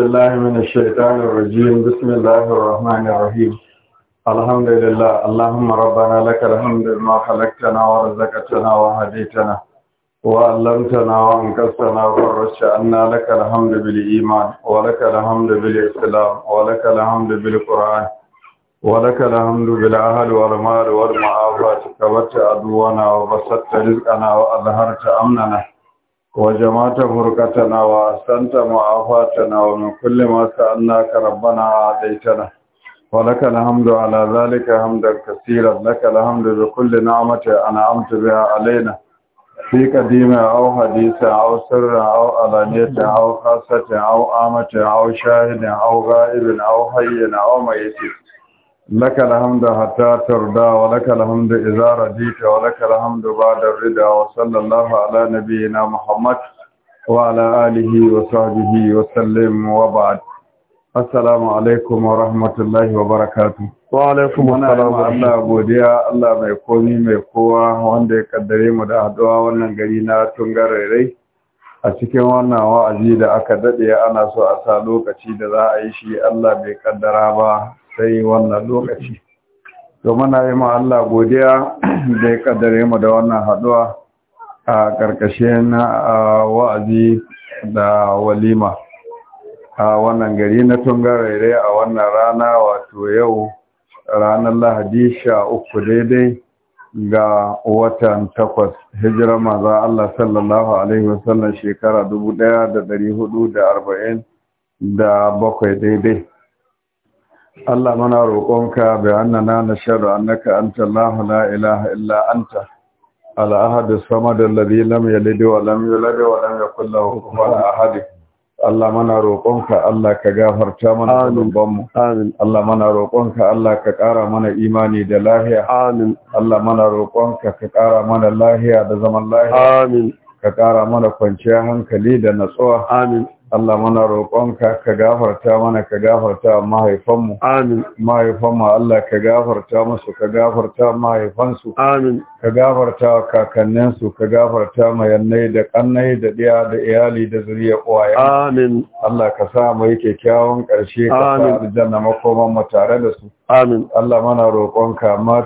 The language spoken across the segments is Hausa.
بالله من الشيطان الرجيم بسم الله الرحمن الرحيم الحمد لله اللهم ربنا لك الحمد ما خلقتنا ورزقتنا وهديتنا وعلمتنا وانكسنا وفرشت عنا لك الحمد بالإيمان ولك الحمد بالإسلام ولك الحمد بالقرآن ولك الحمد بالأهل والمال والمعافاة كبرت عدونا وبسطت رزقنا وأظهرت أمننا وجمعت فرقتنا وأحسنت معافاتنا ومن كل ما سألناك ربنا أعطيتنا ولك الحمد على ذلك حمدا كثيرا لك الحمد بكل نعمة أنعمت بها علينا في قديمة أو حديثة أو سر أو علانية أو خاصة أو آمة أو شاهد أو غائب أو حي أو ميت لك الحمد حتى ترضى ولك الحمد إذا رضيت ولك الحمد بعد الرضا وصلى الله على نبينا محمد وعلى آله وصحبه وسلم وبعد السلام عليكم ورحمة الله وبركاته وعليكم السلام الله godiya Allah mai komi mai kowa wanda ya kaddare mu da haduwa wannan gari na tungarerai a cikin wannan wa'azi da aka dade ana so a sa lokaci da za a yi shi Allah bai kaddara ba sai wannan lokaci to muna yi ma Allah godiya da ya kaddare mu da wannan haduwa a karkashin wa'azi da walima a wannan gari na tungarere a wannan rana wato yau ranar lahadi sha uku daidai ga watan takwas hijira maza Allah sallallahu Alaihi wasallam shekara bakwai daidai Allah mana roƙonka bai annana na shaɗu annaka an tallahu la ilaha illa anta al'ahadu sama da labi lam yalidi wa lam yulade wa lam yakul lahu kufuwan ahad Allah mana roƙonka Allah ka gafarta mana zunubanmu amin Allah mana roƙonka Allah ka ƙara mana imani da lahiya amin Allah mana roƙonka ka ƙara mana lahiya da zaman lahiya amin ka ƙara mana kwanciyar hankali da natsuwa amin Allah muna roƙonka ka gafarta mana ka gafarta mahaifanmu amin mahaifanmu Allah ka gafarta musu ka gafarta mahaifansu amin ka gafarta kakanninsu ka gafarta mayannai da ƙannai da ɗiya da iyali da zuriya amin Allah ka sa mu yi kyakkyawan ƙarshe ka sa aljanna makoman mu tare da su amin Allah mana roƙonka mu.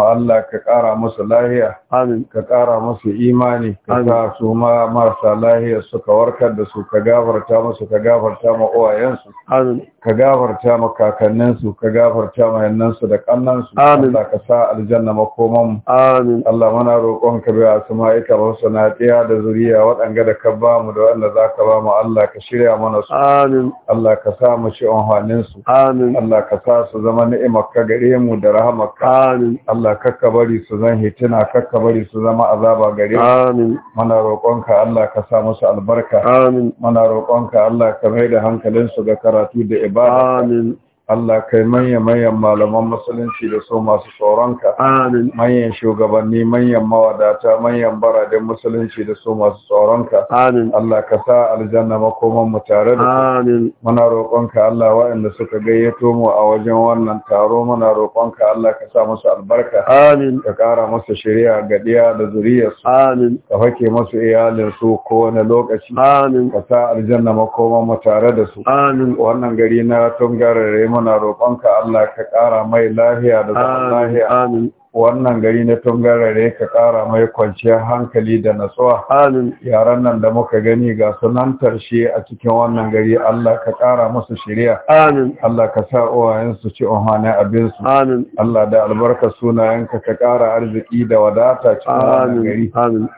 Allah ka ƙara musu lahiya amin ka ƙara musu imani Amin. ka sa su ma marasa lahiya suka warkar da su ka gafarta musu ka gafarta ma uwayensu amin ka gafarta ma kakanninsu ka gafarta ma yannansu da ƙannansu. amin Allah ka sa aljanna makoman amin Allah mana roƙonka ba asma'ika na sanatiya da zuriya waɗanga da ka ba mu da wanda za ka ba mu Allah ka shirya mana su amin Allah ka sa mu ci onhanin amin Allah ka sa su zama ni'ima ni'imarka gare mu da rahamarka amin Allah kakka bari su zan hitina kakka bari su zama azaba gare mu amin muna roƙonka Allah ka sa musu albarka amin muna roƙonka Allah ka mai da hankalin su ga karatu da ibada amin Allah kai manyan manyan malaman musulunci da so masu tsoronka amin manyan shugabanni manyan mawadata manyan baradin musulunci da so masu tsoronka amin Allah ka sa aljanna makoman mu tare da amin muna roƙonka Allah waɗanda suka gayyato mu a wajen wannan taro muna roƙonka Allah ka sa musu albarka amin ka ƙara musu shari'a gadiya da su. amin ka fake musu iyalin su kowane lokaci amin ka sa aljanna makoman mu tare da su amin wannan gari na tungarare muna roƙonka Allah ka ƙara mai lahiya da zaman lahiya wannan gari na tungarare ka kara mai kwanciyar hankali da natsuwa yaran nan da muka gani ga sunan tarshe a cikin wannan gari Allah ka kara musu shirya Allah ka sa uwayen su ci unhane abin su Allah da albarka sunayen ka ka kara arziki da wadata cikin wannan gari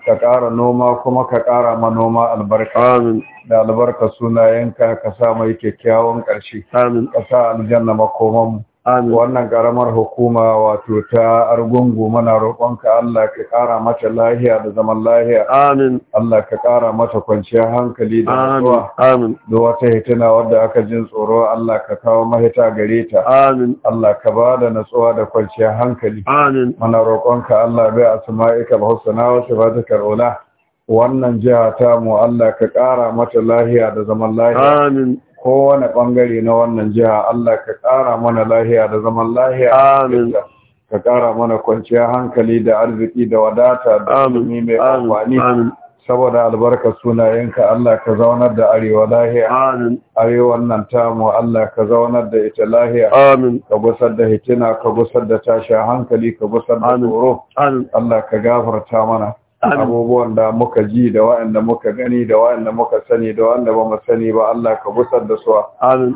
ka kara noma kuma ka kara ma noma albarka da albarka sunayen ka ka sa mai kyakkyawan ƙarshe ka sa aljanna makomanmu wannan karamar hukuma wato ta argungu mana roƙonka Allah ka ƙara mata lahiya da zaman lahiya amin Allah ka ƙara mata kwanciyar hankali da nutsuwa amin da wata hituna wadda aka jin tsoro Allah ka kawo mahita gare ta amin Allah ka ba da nutsuwa da kwanciyar hankali amin mana roƙonka Allah bai asma'ika al-husna wa sifatika al-ula wannan jiha ta mu Allah ka ƙara mata lahiya da zaman lahiya amin kowane bangare na wannan jiha Allah ka ƙara mana lahiya da zaman lahiya amin ka ƙara mana kwanciyar hankali da arziki da wadata da ilimi mai amfani saboda albarka sunayenka Allah ka zaunar da arewa lahiya amin arewan nan tamu Allah ka zaunar da ita lahiya amin ka gusar da hitina ka gusar da tashi hankali ka gusar da tsoro Allah ka gafarta mana abubuwan da muka ji da waɗanda muka gani da waɗanda muka sani da waɗanda ba mu sani ba Allah ka busar da su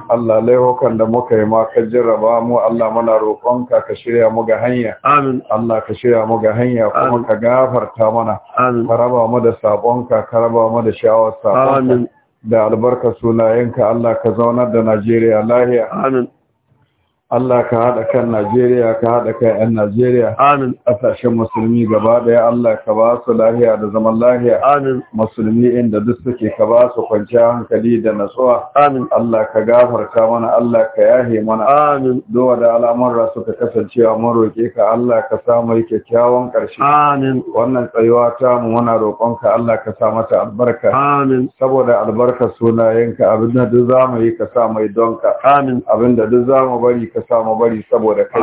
Allah laihukan da muka yi ma ka jarraba mu Allah muna roƙonka ka shirya mu ga hanya amin Allah ka shirya mu ga hanya kuma ka gafarta mana ka raba mu da sabonka ka raba mu da shawar sabonka da albarka sunayenka Allah ka zaunar da Najeriya lahiya amin Allah ka haɗa kan Najeriya ka haɗa kan 'yan Najeriya. Amin. Ƙasashen musulmi gaba ɗaya Allah ka ba su lahiya da zaman lahiya. Amin. Musulmi inda duk suke ka ba su kwanciya hankali da natsuwa. Amin. Allah ka gafarta mana Allah ka yahe mana. Amin. Dowa da al'amurra suka kasancewa mun roƙe ka Allah ka sa mai kyakkyawan ƙarshe. Amin. Wannan tsayuwa ta mu muna roƙonka Allah ka sa mata albarka. Amin. Saboda albarka sunayenka abin da duk za mu yi ka sa mai donka. Amin. Abin da duk za mu bari ka ka samu bari saboda kai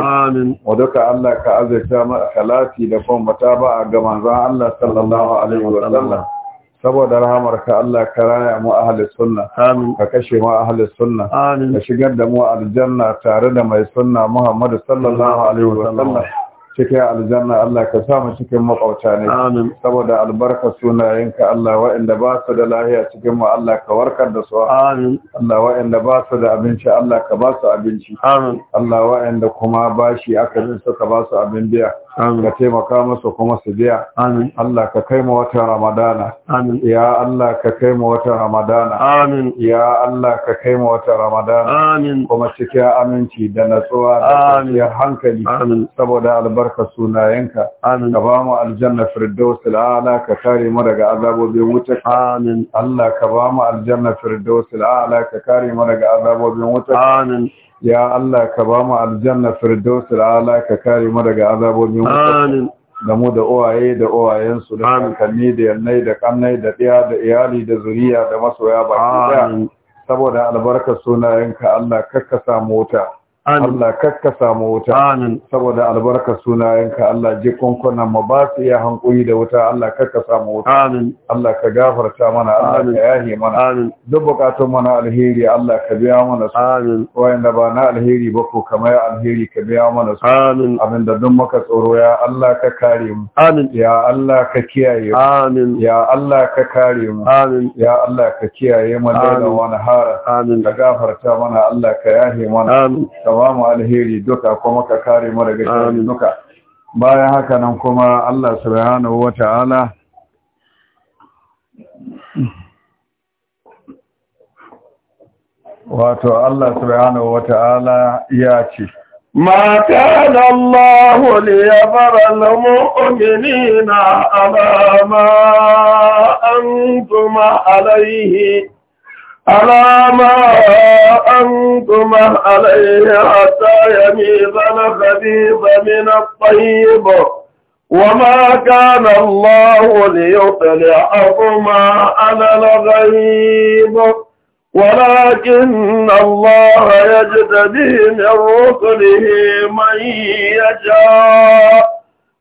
wa duka Allah ka azurta mu salati da kuma mutaba ga manzon Allah sallallahu alaihi wa sallam saboda rahamarka Allah ka raya mu ahli sunna ka kashe mu ahli sunna ka shigar da mu aljanna tare da mai sunna muhammadu sallallahu alaihi wa cikin aljanna Allah ka sa mu cikin makwabta ne amin saboda albarka sunayenka Allah wa'anda ba su da lahiya cikin mu Allah ka warkar da su amin Allah wa'anda ba su da abinci Allah ka ba su abinci amin Allah wa'anda kuma bashi aka su ka ba su abin biya ka taimaka masa kuma su biya amin Allah ka kai mu watan ramadana amin ya Allah ka kai mu watan ramadana amin ya Allah ka kai mu watan ramadana amin kuma cikin aminci da natsuwa da kwanciyar hankali amin saboda albarka sunayenka amin ka ba mu aljanna firdaus al'ala ka kare mu daga azabobin wuta amin Allah ka ba mu aljanna firdaus al'ala ka kare mu daga azabobin wuta amin ya Allah ka ba mu aljanna firdausul ala ka kare mu daga azabobin amin da mu da uwaye da uwayensu da da yannai da kannai da ɗiya da iyali da zuriya da masoya baki saboda albarkar sunayenka Allah kakka mota. Allah kakka samu wuta amin saboda albarkar sunayenka Allah ji kunkunan mu ba su iya hankuri da wuta Allah kakka samu wuta amin Allah ka gafarta mana Allah ka yahi mana amin duk bukatun mu na alheri Allah ka biya mana su amin da ba na alheri ba ko kamar alheri ka biya mana su amin abin da duk muka tsoro ya Allah ka kare mu amin ya Allah ka kiyaye mu amin ya Allah ka kare mu amin ya Allah ka kiyaye mu da wani hara amin ka gafarta mana Allah ka yahi mana amin ka mu alheri duka kuma ka kare mu daga sharri duka bayan haka nan kuma Allah subhanahu wata'ala wato Allah subhanahu wata'ala ya ce ma ما كان li ليبر mu'minina على ma أنتم alayhi على ما أنتم عليه حتى يميز الخبيث من الطيب وما كان الله ليطلعكما على الغيب ولكن الله يجتبي من رسله من يشاء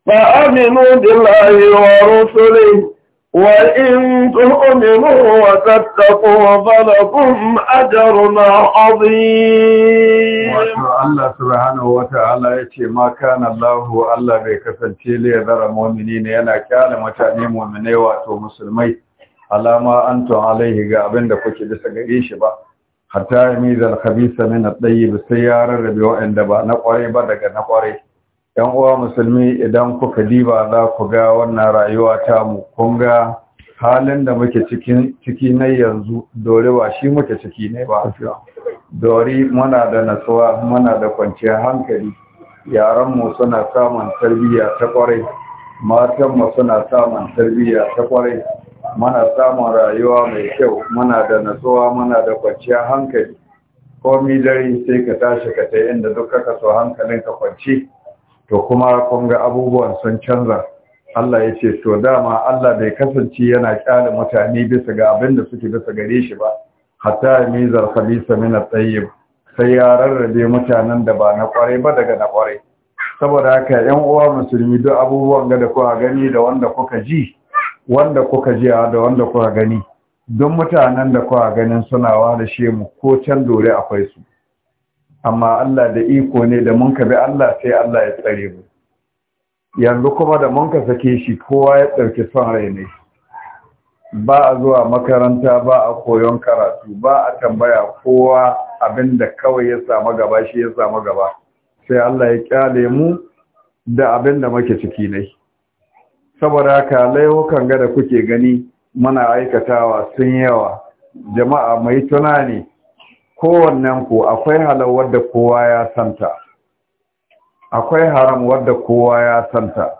فأمنوا بالله ورسله وإن تؤمنوا وتتقوا فلكم أجر عظيم الله سبحانه وتعالى يتي ما كان الله الله بكفن تيلي ذر المؤمنين ينا كان متعني مؤمني واتو مسلمي على ما أنتم عليه قابل لكوك لسقريش با حتى يميز الخبيث من الطيب سيارة ربي وإن دبا نقري بدك نقري yan uwa musulmi idan kuka diba za ku ga wannan rayuwa ta mu kun ga halin da muke ciki na yanzu dore ba shi muke ciki ne ba dori muna da nasuwa, muna da kwanciyar hankali yaranmu suna samun tarbiyya ta kwarai matanmu suna samun tarbiyya ta kwarai muna samun rayuwa mai kyau muna da nasuwa, muna da kwanciyar hankali komi dare sai ka tashi ka ta inda duk ka so ka kwanci to kuma kun ga abubuwan sun canza Allah ya ce to dama Allah bai kasance yana kyale mutane bisa ga abin da suke bisa gare shi ba hatta mizar khabisa min at-tayyib sai ya rarrabe mutanen da ba na kware ba daga na kware saboda haka ƴan uwa musulmi duk abubuwan ga da kuka gani da wanda kuka ji wanda kuka ji da wanda kuka gani don mutanen da kuka ganin suna wa da shemu ko can dore akwai su amma Allah da iko ne da mun ka bi Allah sai Allah ya tsare mu yanzu kuma da mun ka sake shi kowa ya ɗauki son rai ne ba a zuwa makaranta ba a koyon karatu ba a tambaya kowa abin da kawai ya samu gaba shi ya samu gaba sai Allah ya kyale mu da abin da muke ciki ne saboda haka laifukan ga da kuke gani muna aikatawa sun yawa jama'a mai tunani kowannen ku akwai halar wadda kowa ya santa akwai haram wadda kowa ya santa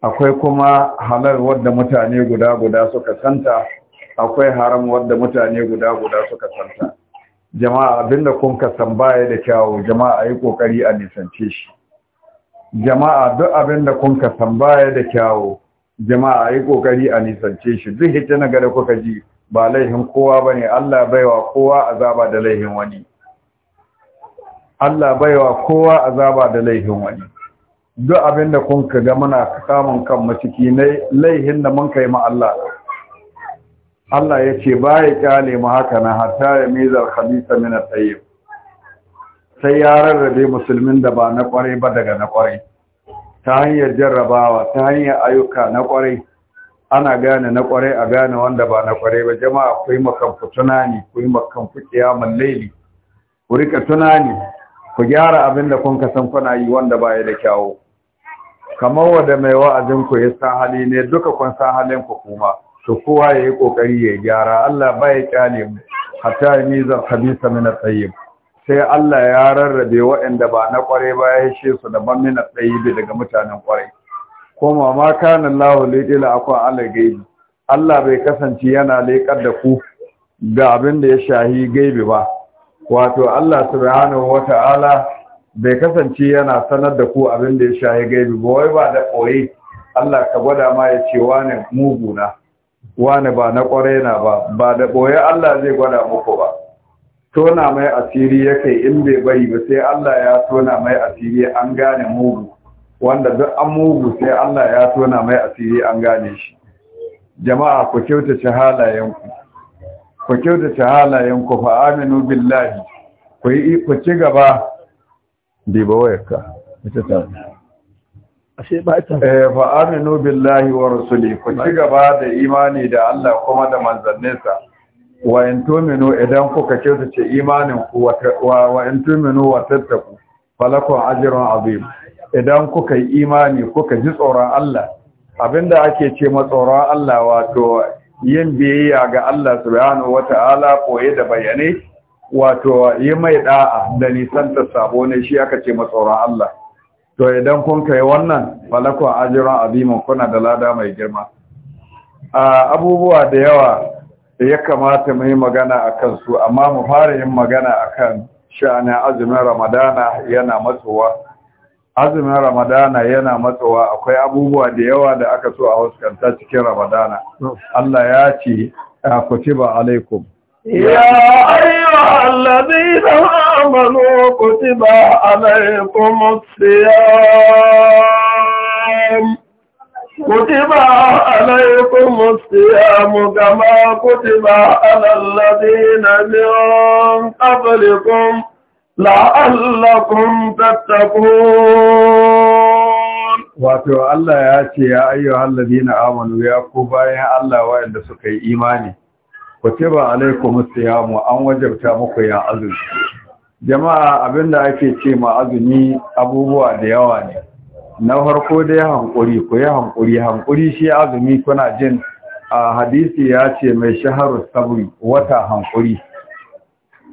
akwai kuma halar wadda mutane guda guda suka santa akwai haram wadda mutane guda guda suka santa jama'a abinda kun ka san baya da kyawu jama'a yi kokari a nisance shi jama'a duk abinda kun ka san baya da kyawu jama'a yi kokari a nisance shi duk hita na gada kuka ji ba laihin kowa ba ne Allah baiwa kowa azaba da laihin wani Allah baiwa kowa azaba da laihin wani duk abin da kun ka ga muna samun kan ciki ne, laihin da mun kai ma Allah Allah ya ce ba ya kyale mu haka na hatta ya mizar khabisa min at-tayyib sai ya rarrabe musulmin da ba na kwarai ba daga na kwarai ta hanyar jarrabawa ta hanyar ayyuka na kwarai ana gane na kwarai a gane wanda ba na kwarai ba jama'a ku yi makanku tunani ku yi fitiya kiyamun laili ku rika tunani ku gyara abin da kun kasan kuna yi wanda ba ya da kyawu kamar wanda mai wa'azin ku ya san hali ne duka kun san halin ku kuma to kowa ya yi kokari ya gyara Allah ba ya kyale mu hatta ya miza khabisa min tayyib sai Allah ya rarrabe waɗanda ba na kwarai ba ya shi su daban min at daga mutanen kwarai kuma ma kana Allahu lidila akwa ala gaibi Allah bai kasance yana leƙar da ku ga abin da ya shahi gaibi ba wato Allah subhanahu wata'ala bai kasance yana sanar da ku abin da ya shahi gaibi ba wai ba da koyi Allah ka gwada ma ya ce mugu muguna Wani ba na ƙware na ba ba da Allah zai gwada muku ba tona mai asiri yake in bai bari ba sai Allah ya tona mai asiri an gane mugu wanda duk an mugu sai Allah ya tona mai asiri an gane shi jama'a ku kyautace halayenku ku kyautace halayenku fa aminu billahi ku yi ku ci gaba diba wayarka ita ta ashe ba ta eh fa aminu billahi wa rasuli ku ci gaba da imani da Allah kuma da manzanninsa wa in tuminu idan kuka kyautace imanin ku wa in tuminu wa tattaku falakun ajrun azim idan kuka yi imani kuka ji tsoron Allah abinda ake ce matsoron Allah wato yin biyayya ga Allah subhanahu wata'ala koye da bayane wato yi mai da'a da nisan ta sabo ne shi aka ce matsoron Allah to idan kun kai wannan falakon ajira azimin kuna da lada mai girma abubuwa da yawa ya kamata mu yi magana akan su amma mu fara yin magana akan sha'anin azumin ramadana yana matsowa azumin ramadana yana matsawa akwai abubuwa da yawa da aka so a huskanta cikin ramadana Allah ya ce ah, kutiba alaikum ya ayyuha alladhina amanu kutiba alaikum siyam kutiba alaikum siyam kama kutiba ala alladhina min qablikum la’allakun tattakun wato Allah ya ce ya ayyuhal na amonu ya ku bayan Allah yadda suka yi imani Ku kutiba alaikumus siyamu an wajabta muku ya azumi jama'a abinda ake ce ma azumi abubuwa da yawa ne na farko dai hankuri ku yi hankuri hankuri shi azumi kuna jin a hadisi ya ce mai shaharar sabri wata hankuri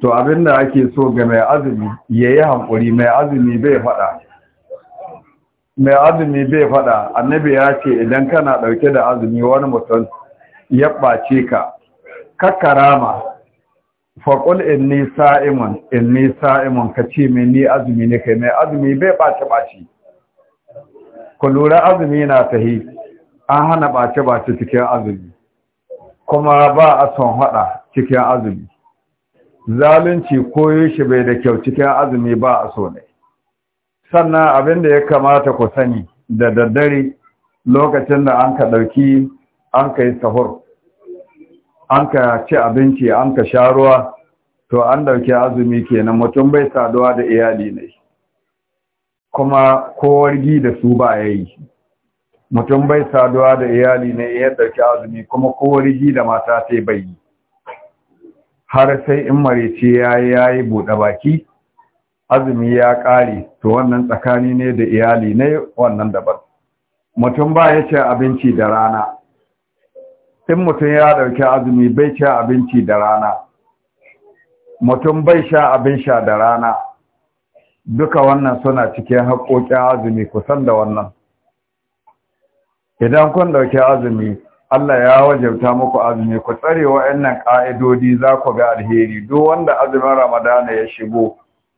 to abin da ake so ga mai azumi ya yi hankuri mai azumi bai faɗa. mai azumi bai fada annabi ya ce idan kana ɗauke da azumi wani mutum ya ɓace ka kakkarama faƙul in ni sa'imun in ni sa'imun ka ce mai ni azumi ne kai mai azumi bai ɓace-ɓace ku lura azumi na tahi an hana ɓace-ɓace cikin azumi kuma ba a son haɗa cikin azumi zalunci koyo shi bai da kyau cikin azumi ba a so ne sannan abin da ya kamata ku sani da daddare lokacin da an ka ɗauki an ka yi sahur an ka ci abinci an ka sha ruwa to an ɗauki azumi kenan mutum bai saduwa da iyali ne kuma kowargi da su ba ya yi mutum bai saduwa da iyali ne ya ɗauki azumi kuma kowargi da mata ta bai yi har sai in marice ya yi buɗe baki azumi ya ƙare to wannan tsakani ne da iyali ne wannan daban mutum ba ya ce abinci da rana in mutum ya ɗauki azumi bai ce abinci da rana mutum bai sha abin sha da rana duka wannan suna cikin haƙoƙin azumi kusan da wannan idan kun ɗauki azumi Allah ya wajabta muku azumi ku tsare wa'annan ka'idodi za ku ga alheri duk wanda azumin Ramadana ya shigo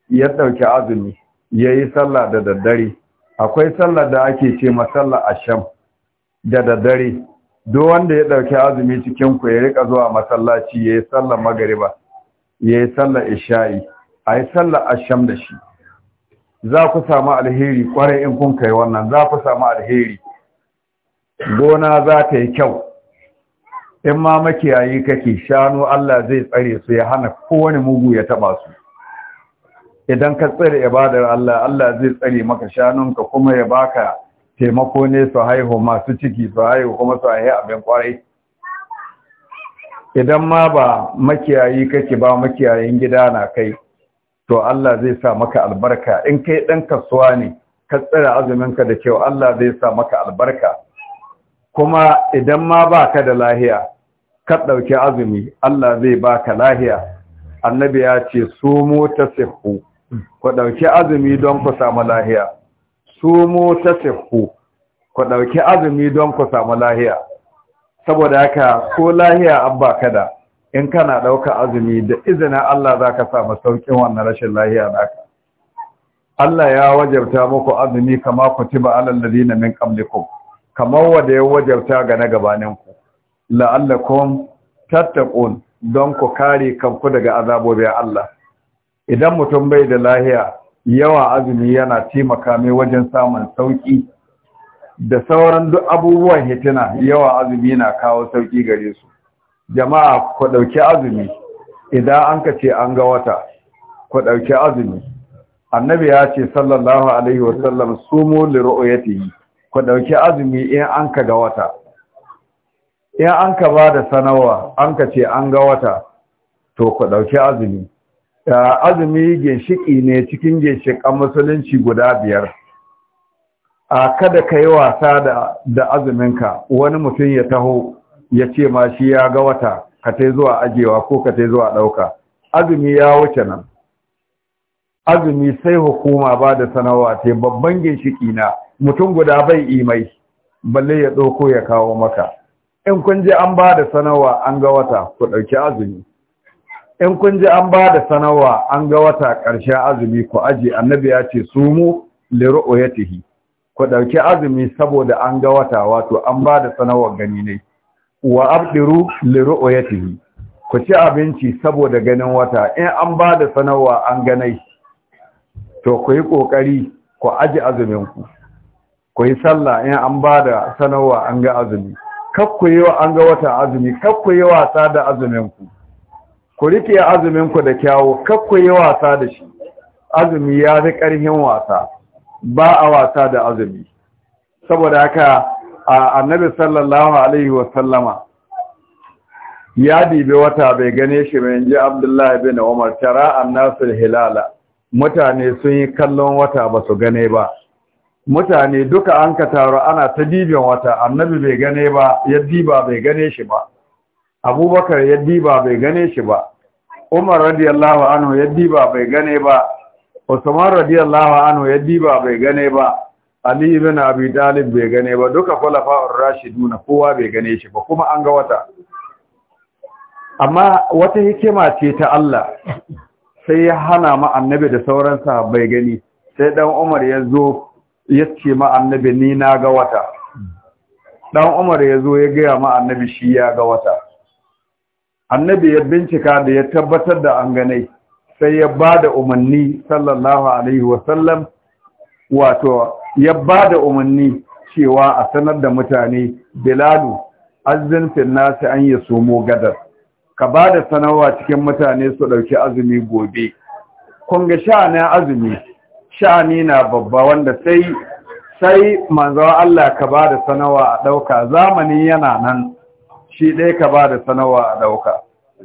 ya dauki azumi yayi sallah da daddare akwai sallah da ake ce sallah asham da daddare duk wanda ya ɗauki azumi cikin ku ya rika zuwa masallaci yayi sallar magriba yayi sallah isha'i ayi sallah asham da shi za ku samu alheri kwarai in kun kai wannan za ku samu alheri gona za ta yi kyau in ma makiyayi kake shanu Allah zai tsare su ya hana kowane mugu ya taba su idan ka tsare ibadar Allah Allah zai tsare maka shanunka kuma ya baka taimako ne su haihu masu ciki su haihu kuma su haihu abin kwarai idan ma ba makiyayi kake ba makiyayin gida na kai to Allah zai sa maka albarka in kai dan kasuwa ne ka tsare azumin ka da kyau Allah zai sa maka albarka kuma idan ma ba ka da lahiya ka ɗauki azumi Allah zai baka lahiya annabi ya ce sumo tasihhu ku ɗauki azumi don ku samu lahiya sumo tasihhu ku ɗauki azumi don ku samu lahiya saboda haka ko lahiya an ba ka da in kana ɗauka azumi da izinin Allah za ka samu sauƙin wannan rashin lahiya naka Allah ya wajabta muku azumi kama ku ci kutiba alal ladina min qablikum kamar wanda ya wajarta ga na gabaninku la'allakum tattaqun don ku kare kanku daga azabobin Allah idan mutum bai da lahiya yawa azumi yana taimaka mai wajen samun sauki da sauran duk abubuwan hitina yawa azumi na kawo sauki gare su jama'a ku dauki azumi idan an ka ce an ga wata ku dauki azumi annabi ya ce sallallahu alaihi wasallam sumu li ru'yatihi ku ɗauki azumi in an ka ga wata in an ka ba da sanarwa an ka ce an ga wata to ku ɗauki azumi azumi ginshiki ne cikin ginshikan musulunci guda biyar a kada ka yi wasa da azuminka wani mutum ya taho ya ce ma shi ya ga wata ka ta zuwa ajewa ko ka ta zuwa ɗauka azumi ya wuce nan azumi sai hukuma ba da sanarwa ce babban ginshiki na mutum guda bai imai balle ya ɗauko ya kawo maka in kun ji an ba da sanarwa an ga wata ku ɗauki azumi in kun ji an ba da sanarwa an ga wata ƙarshen azumi ku aji annabi ya ce su mu tihi. ku ɗauki azumi saboda an ga wata wato an ba da gani ne wa abdiru tihi. ku ci abinci saboda ganin wata in an ba da sanarwa an ganai to ku yi ƙoƙari ku aji azuminku ku sallah in an ba da sanarwa an ga azumi kakku yi wa an ga wata azumi kakku yi wasa da azuminku ku rike azuminku da kyawu kakku yi wasa da shi azumi ya fi ƙarhin wasa ba a wasa da azumi saboda haka a annabi sallallahu alaihi wasallama ya dibe wata bai gane shi mai ji abdullahi bin umar tara annasul hilala mutane sun yi kallon wata ba su gane ba mutane duka an ka taru ana ta diban wata annabi bai gane ba ya diba bai gane shi ba abubakar ya diba bai gane shi ba umar radiyallahu anhu ya diba bai gane ba usman radiyallahu anhu ya diba bai gane ba ali ibn abi talib bai gane ba duka ar rashiduna kowa bai gane shi ba kuma an ga wata amma wata hikima ce ta Allah sai ya hana ma annabi da sauran bai gani sai dan umar ya zo ya ce ma annabi ni na ga wata dan umar ya zo ya gaya ma annabi shi ya ga wata annabi ya bincika da ya tabbatar da an ganai sai ya ba da umarni sallallahu alaihi wasallam wato ya ba da umarni cewa a sanar da mutane bilalu azin finnasi an yi somo gadar ka ba da sanarwa cikin mutane su ɗauki azumi gobe kun ga sha na azumi sha'ani na babba wanda sai sai manzo Allah ka ba da sanawa a ɗauka zamani yana nan shi ɗaya ka ba da sanawa a ɗauka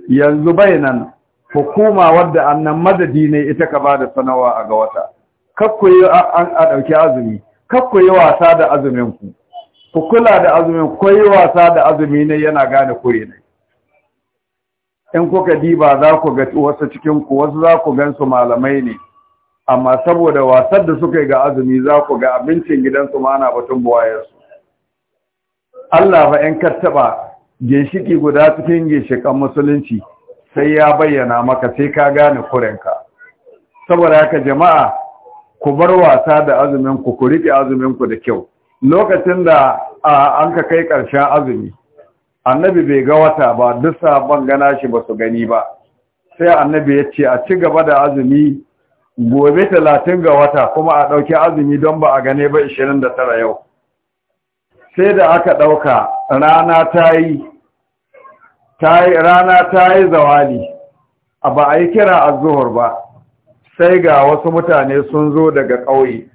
yanzu bai nan hukuma wadda annan madadi ne ita ka ba da sanawa a ga wata kakku yi a ɗauki azumi kakku yi wasa da azuminku ku kula da azumin ku yi wasa da azumi ne yana gane kure ne in kuka diba za ku ga wasu cikinku wasu za ku gan malamai ne amma saboda wasar da suka yi ga azumi za ku ga abincin gidansu ma ana batun buwayarsu Allah fa ‘yan kattaba ginshiki guda cikin ginshikan musulunci sai ya bayyana maka sai ka gane kurenka saboda haka jama'a ku bar wasa da azuminku ku riƙe azuminku da kyau lokacin da an ka kai ƙarshen azumi annabi bai ga wata ba duk sa gana shi ba su gani ba sai annabi ya ce a ci gaba da azumi gobe talatin ga wata kuma a ɗauki azumi don ba a gane ba 29 yau sai da aka ɗauka rana ta yi rana ta yi zawali a ba a yi kira a zuhur ba sai ga wasu mutane sun zo daga ƙauye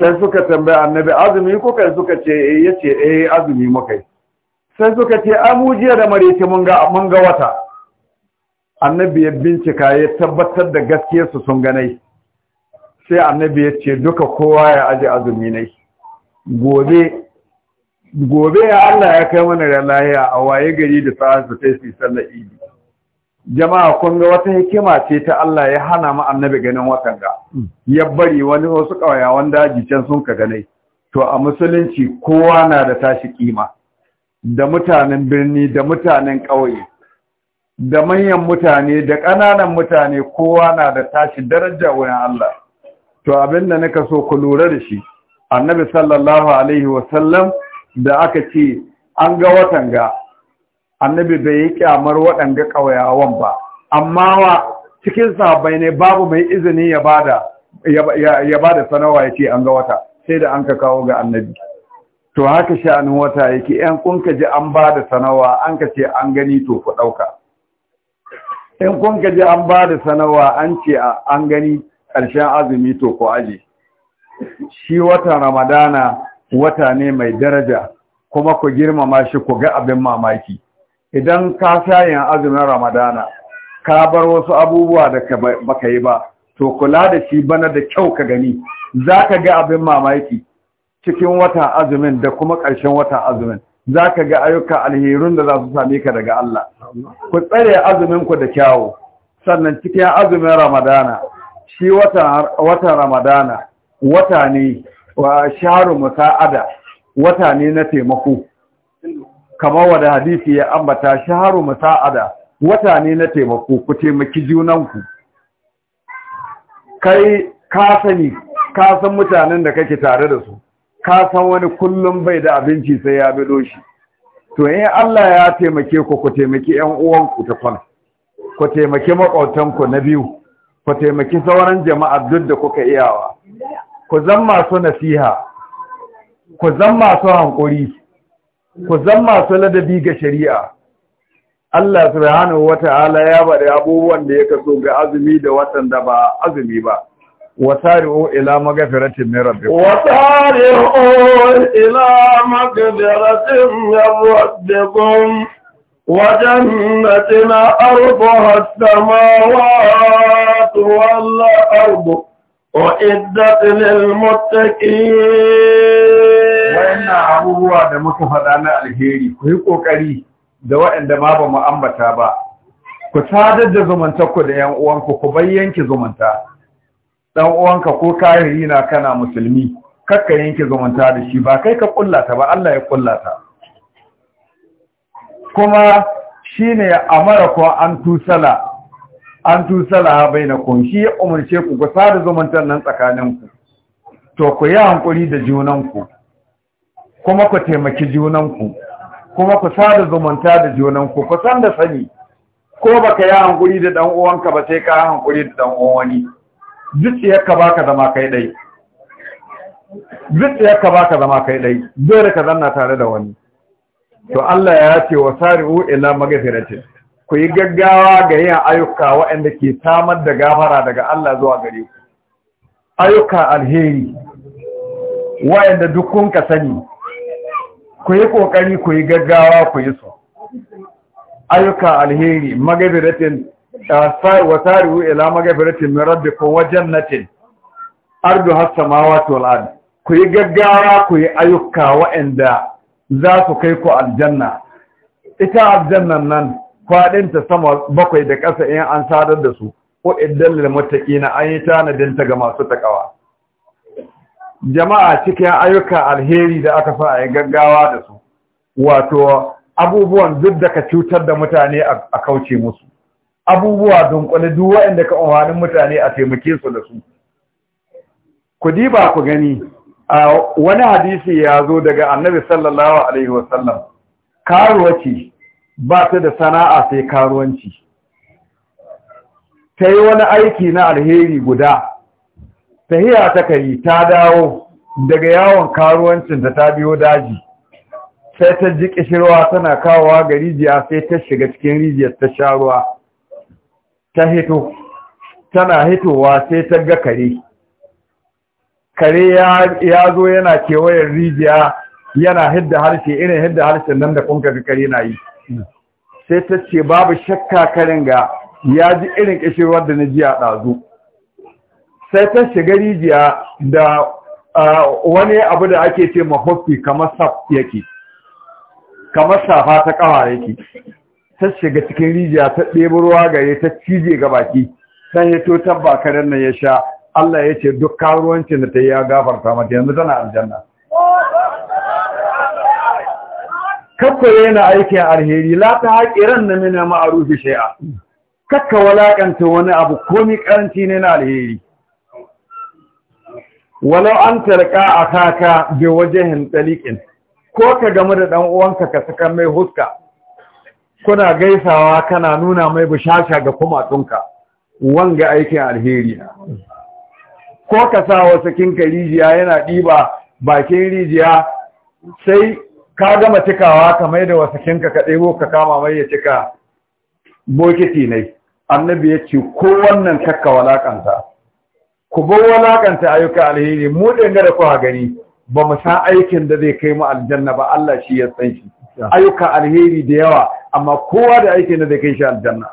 sai suka tambaya annabi azumi kuka suka ce eh ce eh azumi muka sai suka ce amujiya da mareci mun mun ga wata annabi ya bincika ya tabbatar da gaskiyarsu sun ganai sai annabi ya ce duka kowa ya aji azumi ne gobe gobe ya Allah ya kai mana da lahiya a waye gari da sa'a su sai su sallar idi jama'a kun ga wata hikima ce ta Allah ya hana mu annabi ganin watan ga ya bari wani wasu kawaya daji can sun ka ganai to a musulunci kowa na da tashi kima da mutanen birni da mutanen ƙauye da manyan mutane da ƙananan mutane kowa na da tashi daraja wurin Allah to abin da nika so ku lura da shi annabi sallallahu alaihi wasallam da aka ce an ga watan ga annabi bai yi kyamar waɗanda ƙauyawan ba amma wa cikin sahabbai ne babu mai izini ya bada ya bada sanawa ya ce an ga wata sai da an ka kawo ga annabi to haka sha'anin wata yake 'yan kun ka ji an bada sanawa an ka ce an gani to ku ɗauka in kun ka ji an ba da sanarwa an ce an gani ƙarshen azumi to ku aji. shi watan ramadana wata ne mai daraja kuma ku girmama shi ku ga abin mamaki idan ka sayan azumin ramadana ka bar wasu abubuwa da baka yi ba to kula da shi bana da kyau ka gani za ka ga abin mamaki cikin watan azumin da kuma ƙarshen watan azumin za ka ga ayyuka alherun da za su same ka daga Allah ku tsare azuminku da kyawu sannan cikin azumin ramadana shi watan ramadana wata ne wa sharu musa'ada wata ne na taimako kamar wada hadisi ya ambata sharu musa'ada wata ne na taimako ku taimaki junanku kai ka sani san mutanen da kake tare da su ka san wani kullum bai da abinci sai ya bido shi to in Allah ya taimake ku ku taimaki ƴan uwanku ta kwana ku taimaki maƙwabtanku na biyu ku taimaki sauran jama'a duk da kuka iyawa ku zan masu nasiha ku zan masu hankuri ku zan masu ladabi ga shari'a Allah subhanahu Ta'ala ya bada abubuwan da ya kaso ga azumi da watan da ba azumi ba وسارعوا إلى مغفرة من ربكم وسارعوا إلى مغفرة من ربكم وجنة أرضها السماوات والأرض وإدت للمتقين وإن أبوه da muka faɗa na alheri ku yi ƙoƙari da waɗanda ma bamu mu ambata ba ku sadar da zumunta ku da 'yan uwanku ku bayyanki zumunta dan uwanka ko kayayyina na kana musulmi kakka yanke zumunta da shi ba kai ka kullata ba Allah ya kullata kuma shine amara ko an tusala an tusala bainakum shi ya umarce ku ku sada zumunta nan tsakaninku to ku yi hankuri da junanku kuma ku taimaki junanku kuma ku sada zumunta da junanku ku san da sani ko baka yi hankuri da dan uwanka ba sai ka hankuri da dan uwani zuciyarka ba ka zama kai ɗai zuciyarka ba ka zama kai ɗai dole ka zanna tare da wani to Allah ya ce wa sari'u ila magfiratin ku yi gaggawa ga yin ayyuka waɗanda ke samar da gafara daga Allah zuwa gare ku ayyuka alheri waɗanda duk kun ka sani ku yi kokari ku yi gaggawa ku yi su ayyuka alheri magfiratin wasari'u ila magabiratin min rabbikum wa jannatin ardu has-samawati wal ard ku yi gaggara ku yi ayyuka waɗanda za su kai ku aljanna ita aljannan nan faɗinta sama bakwai da ƙasa in an sadar da su ko iddal lil muttaqina an yi tanadin ta ga masu takawa jama'a cikin ayyuka alheri da aka sa a yi gaggawa da su wato abubuwan duk da ka cutar da mutane a kauce musu abubuwa dunkule duk waɗanda ka umarnin mutane a taimake su da su ku ba ku gani a wani hadisi ya zo daga annabi sallallahu alaihi wasallam karuwa ba ta da sana'a sai karuwanci ta yi wani aiki na alheri guda hiya ta kari ta dawo daga yawon karuwancin da ta biyo daji sai ta ji kishirwa tana kawowa ga rijiya sai ta shiga cikin rijiyar ta sha ruwa ta hito tana hitowa sai ta ga kare kare ya zo yana kewayen rijiya yana hidda harshe irin hidda harshen nan da kunka ga kare na yi sai ta ce babu shakka karin ga ya ji irin kishirwar da na ji a ɗazu sai ta shiga rijiya da wani abu da ake ce mahoffi kamar saf yake kamar safa ta ƙawa yake ta shiga cikin rijiya ta ɗebo ruwa gare ta cije ga baki san ya to tabba karen nan ya sha Allah ya ce duk karuwancin da ta yi ya gafarta mata yanzu tana aljanna kakka yana aikin alheri la ta ran na mina ma'arufi shai'a kakka walaƙanta wani abu komi karanci ne na alheri walau an tarka a kaka bi wajen ɗalikin ko ka gamu da ɗan uwanka ka saka mai huska kuna gaisawa kana nuna mai bushasha ga kumatunka wanga aikin alheri na ko ka sa wasu kinka rijiya yana ɗiba bakin rijiya sai ka gama cikawa ka mai da wasu kinka ka ɗebo ka kama mai ya cika bokiti ne annabi ya ce ko wannan kakka walakanta ku bar walakanta ayyuka alheri mu dinga da kuwa gani ba mu san aikin da zai kai mu aljanna ba Allah shi ya san shi ayyuka alheri da yawa amma kowa da aiki na da kai shi aljanna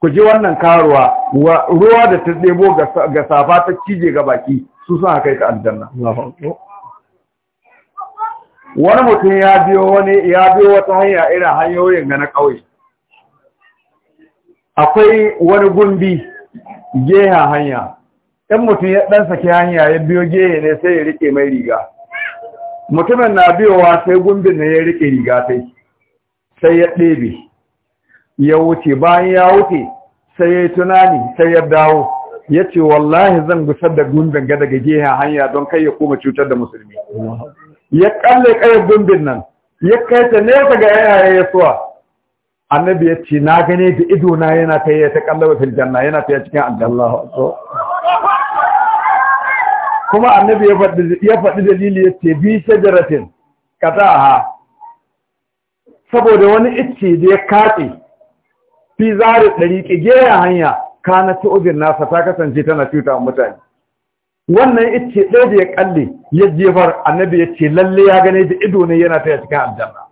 ku ji wannan karuwa ruwa da ta ɗebo ga safa ta cije ga baki su sun haka ta aljanna wani mutum ya biyo wani ya biyo wata hanya irin hanyoyin ga na ƙauye akwai wani gumbi geha hanya ɗan mutum ya ɗan sake hanya ya biyo gehe ne sai ya riƙe mai riga mutumin na biyowa sai gumbin na ya rike riga sai sai ya ɗebe ya wuce bayan ya wuce sai ya yi tunani sai ya dawo ya ce wallahi zan gusar da gumbin ga daga gehe hanya don kai ya koma cutar da musulmi ya kalle kai gumbin nan ya kai ta nesa ga yaya ya suwa annabi ya ce na gane da ido na yana ta yi ta kalle fil janna yana ta cikin aljanna kuma annabi ya faɗi ya faɗi dalili yace bi shajaratin ha. saboda wani icce da ya katse fi zari ki geya hanya kana ta ubin nasa ta kasance tana cuta mutane wannan icce ɗaya da ya kalle ya jefar annabi ya ce lalle ya gane da ido ne yana taya cikin aljanna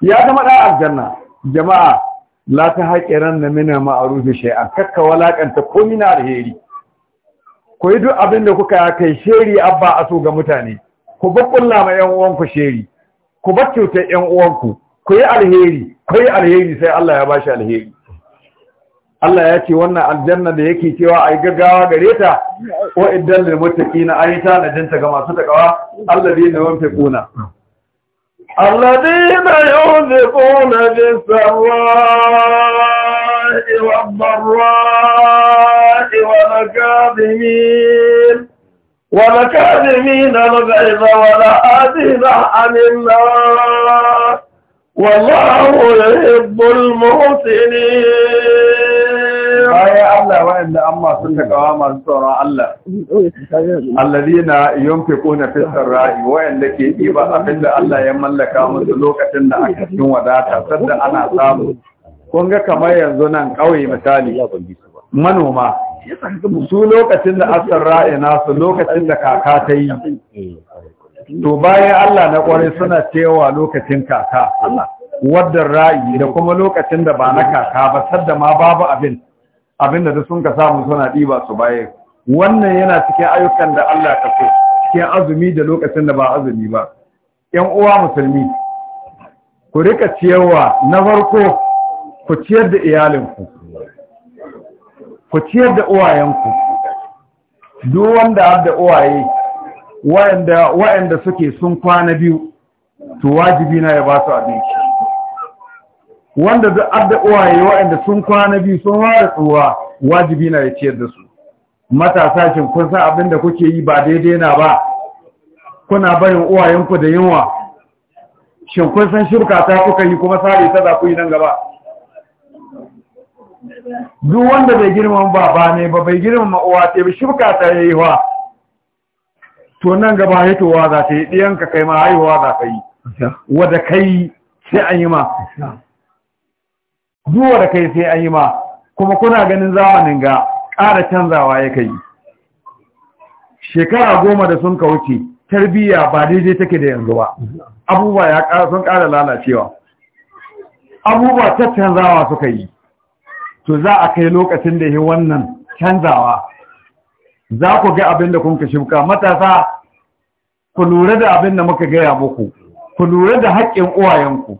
ya zama ɗan aljanna jama'a la ta haƙiran na mina ma'arufi shay'an kakka walakanta komi na alheri ku yi duk abin da kuka kai sheri abba a so ga mutane ku bar kulla ma yan uwanku sheri ku bar cutar yan uwanku ku yi alheri ku yi alheri sai Allah ya bashi alheri Allah ya ce wannan aljanna da yake cewa ai gaggawa gare ta wa idan lil muttaqina ai ta na jinta ga masu takawa alladina yunfiquna alladina yunfiquna bis-sawaa والضراء والكاظمين والكاظمين الغيظ والآذين عن الناس والله يحب المحسنين أي الله وإن أما سنك وما سورة الله الذين ينفقون في السراء وإن لك إيبا أبدا الله يملك مسلوكة أكثر وداتا سد أنا سامو kun ga kamar yanzu nan ƙauye misali manoma su lokacin da asar ra'ina su lokacin da kaka ta yi eh, to bayan Allah na kwarai suna cewa lokacin kaka wadda ra'ayi da kuma lokacin da ba na kaka ba sadda ma babu abin abin da sun ka samu suna ɗiba su baya wannan yana cikin ayyukan da Allah ka so cikin azumi da lokacin da ba azumi ba ƴan uwa musulmi ku rika cewa na farko ku ciyar da iyalinku ku ciyar da uwayenku duk wanda da uwaye wayanda suke sun kwana biyu to wajibi na ya ba su abinci wanda duk da uwaye wayanda sun kwana biyu sun fara tsuwa wajibi na ya ciyar da su matasa kin kun san abin da kuke yi ba daidai na ba kuna barin uwayenku da yunwa shin kun san shirka ta kuka yi kuma sare ta za ku yi nan gaba duk wanda bai girmama baba ne ba bai girmama uwa ce ba shibka ta yi wa to nan gaba haitowa za ta yi ɗiyanka kai ma haihuwa za ka yi wadda kai sai an yi ma duk wadda kai sai an yi ma kuma kuna ganin zamanin ga ƙara canzawa ya kai shekara goma da sun ka wuce tarbiyya ba daidai take da yanzu ba abubuwa sun ƙara lalacewa abubuwa ta canzawa suka yi to za a kai lokacin da yi wannan canzawa za ku ga abin da kun ka matasa ku lura da abin da muka gaya muku ku lura da haƙƙin uwayenku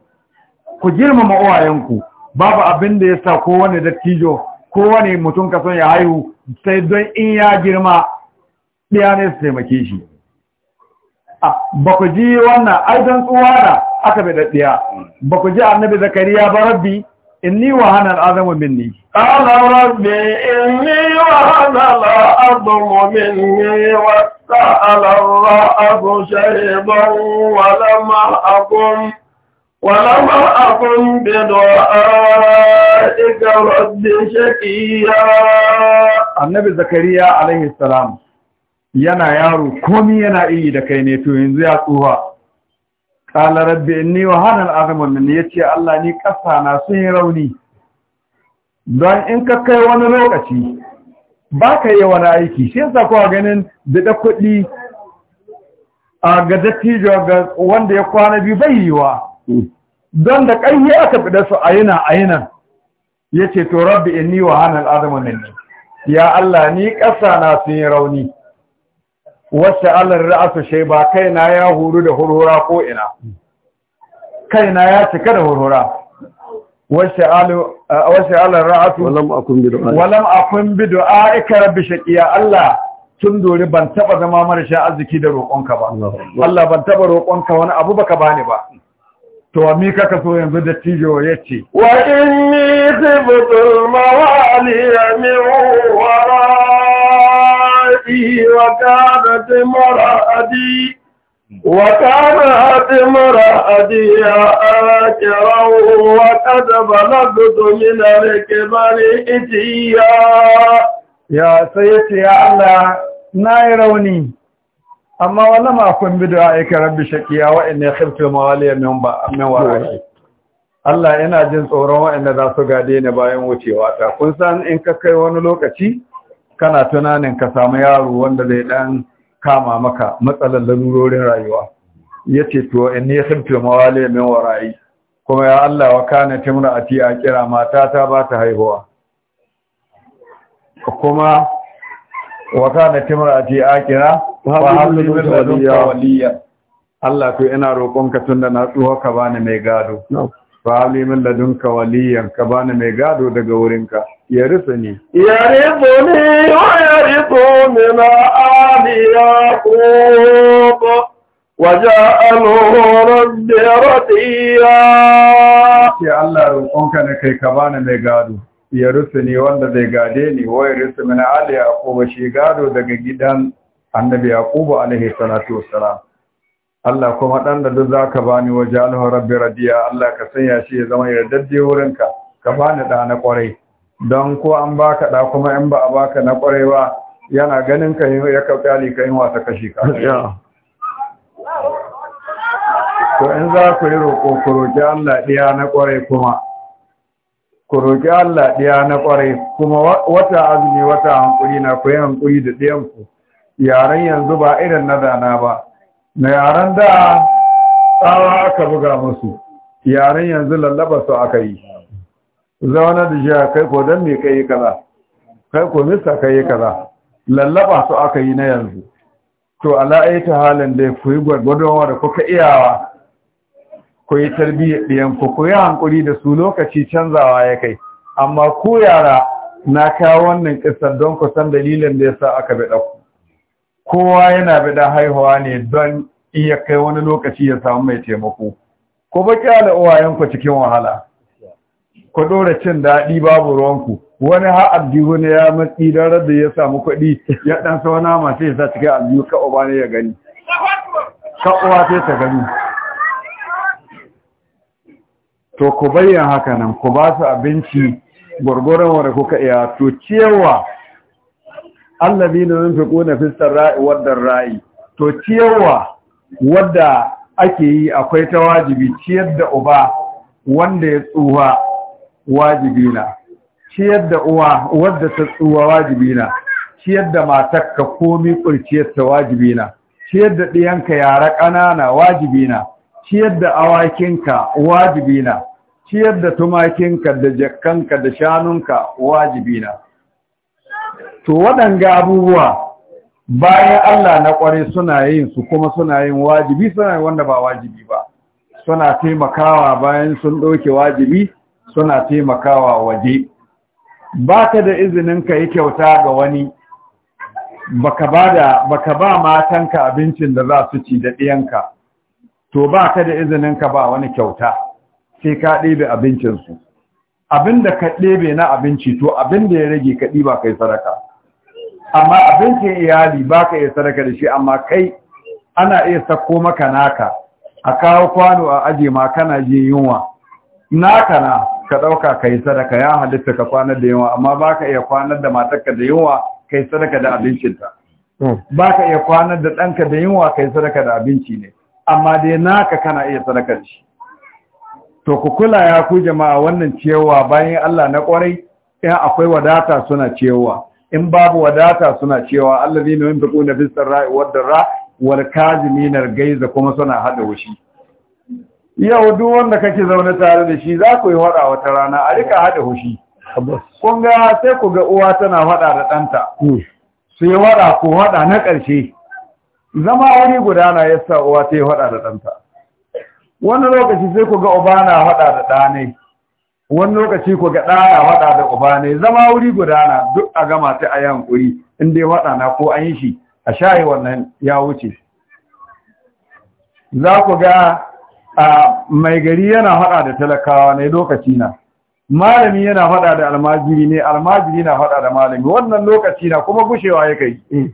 ku girmama uwayenku babu abin da ya sa kowane dattijo kowane mutum ka son ya haihu sai don in ya girma ɗaya ne su taimake shi ba ku ji wannan aidan tsuwa da aka bi daɗiya ba ku ji annabi zakariya ba rabbi inni wa hana binne. minni qala rabbi inni wa hana al'adamu minni wa ta'ala ar-ra'du shayban wa lam aqum wa lam aqum rabbi annabi zakariya alaihi salam yana yaro komi yana iyi da kai ne to yanzu ya tsuha qala rabbi ni wa hana al'azmu ya ce, Allah ni ƙasa na sun yi rauni don in ka kai wani lokaci ba ka yi wani aiki shi yasa kowa ganin da kuɗi a ga dattijo ga wanda ya kwana biyu bai yi wa? don da ƙarfi aka fi da su a ayina ya ce to rabbi ni wa hana al'adama ya Allah ni ƙasa na sun yi rauni wasu alar ra'asu shai ba kaina ya huru da hurhura ko ina kaina ya cika da hurhura wasu alar ra'asu walam akun bi du'a ika rabbi shaqiya Allah tun dori ban taba zama mara marasha arziki da roƙonka ba Allah ban taba roƙonka wani abu baka bani ba to mi kaka so yanzu da tijo ce. wa inni tibtul mawali min wara وكانت امرأتي وكانت امرأتي آكرا وقد بلغت من الكبر إتيا يا سيدي يا الله نايروني أما wala ما أكون بدعائك aika شكيا وإني خبت موالي من mawaliya Allah yana jin tsoron wa'anda za su gade ni bayan wucewa ta kun san in ka kai wani lokaci kana tunanin ka samu yaro wanda zai dan kama maka matsalar lalurorin rayuwa Ya ce to in ne to mawali min wara'i kuma ya Allah wa kana timra'ati a kira ta ba ta haihuwa kuma wa kana timra'ati a kira fa hablu min ladunka waliya Allah to ina roƙonka tunda na tsuwa ka bani mai gado fa hablu min ladunka waliyan ka bani mai gado daga wurinka ya risa ne ya risa ne ya risa na aliya kuma waje alhoron da ya rasiya ke allah rukunka na kai ka bani mai gado ya risa ne wanda zai gade ni, waya risa mai na aliya kuma shi gado daga gidan annabi Yakubu kuma alihi salatu Allah kuma ɗan da zaka bani ka ba ni Allah ka sanya shi ya zama yardar wurinka, ka ba ni ɗana kwarai. don ko an ka da kuma in ba a baka na kwarai ba yana ganin ka ya kauƙali alika yin wata kashi ka to in za ku yi roƙo ku roƙi Allah ɗiya na kwarai kuma ku roƙi Allah ɗiya na kwarai kuma wata azumi wata hankuli na ku yi hankuli da ɗiyanku yaren yanzu ba irin na dana ba na yaren da tsawa aka buga musu yaren yanzu lallaba su aka yi zauna da jiya kai ko don me kai kaza kai ko mista kai kaza lallaba su aka yi na yanzu to ta halin da ku yi gwargwadonwa da kuka iyawa ku yi tarbiyyar ku ku yi hankuri da su lokaci canzawa ya kai amma ku yara na kawo wannan kisar don ku san dalilin da ya sa aka bi ɗauku kowa yana da haihuwa ne don iya kai wani lokaci ya samu mai taimako ko baki ala uwayenku cikin wahala ku dora cin daɗi babu ruwanku wani har aljihu ne ya matsi don rada ya samu kuɗi ya ɗan sau nama sai ya sa cikin aljihu ka uba ne ya gani ka uwa sai ta gani to ku bayyana haka nan ku ba su abinci gwargwaron wanda kuka iya to ciyawa allabi na nufi ƙuna fistar ra'i wadda ra'i to ciyawa wadda ake yi akwai ta wajibi ciyar da uba wanda ya tsuha wajibina ciyar da uwa wadda ta tsuwa wajibina ciyar da matakka komi kurciyarta wajibina ciyar da ɗiyanka yara ƙanana wajibina ciyar da awakinka wajibina ciyar da tumakinka da jakkanka da shanunka wajibina to waɗanga abubuwa bayan Allah na ƙware suna yin su kuma suna yin wajibi suna yin wanda ba wajibi ba suna taimakawa bayan sun ɗauke wajibi suna taimakawa waje ba ka da izinin ka yi kyauta ga wani ba ka ba matanka abincin da za su ci da ɗiyanka to ba ka da izinin ka ba wani kyauta sai ka ɗebe abincinsu abin da ka ɗebe na abinci to abin da ya rage ka ɗiba yi sadaka amma abincin iyali ba ka yi sadaka da shi amma kai ana iya sako maka naka a kawo kwano a aje ma kana je yunwa naka na ka ɗauka ka yi sadaka ya halitta ka kwanar da yawa amma ba ka iya kwanar da matarka da yawa ka yi sadaka da abincinta hmm. ba ka iya kwanar da ɗanka da yawa ka yi sadaka da abinci ne amma dai naka kana iya sadaka shi to ku kula ya ku jama'a wannan cewa, bayan Allah na kwarai in akwai wadata suna cewa. in babu wadata suna Allah ciyawa yi yunfiquna fis sarai wad darra wal kazimin al gaiza kuma suna haɗa wushi yau duk wanda kake zaune tare da shi za ku yi hada wata rana a rika hada hushi kun ga sai ku ga uwa tana hada da ɗanta hmm. su yi hada ku hada na ƙarshe zama wani gudana ya sa uwa ta yi hada da ɗanta wani lokaci sai ku ga uba na hada da ne. wani lokaci ku ga ɗana hada da uba ne zama wuri gudana duk a gama ta a yankuri in dai hada na ko an yi shi a shayi wannan ya wuce za ku ga a mai gari yana faɗa da talakawa ne lokaci na malami yana faɗa da almajiri ne almajiri na faɗa da malami wannan lokaci na kuma gushewa ya kai eh.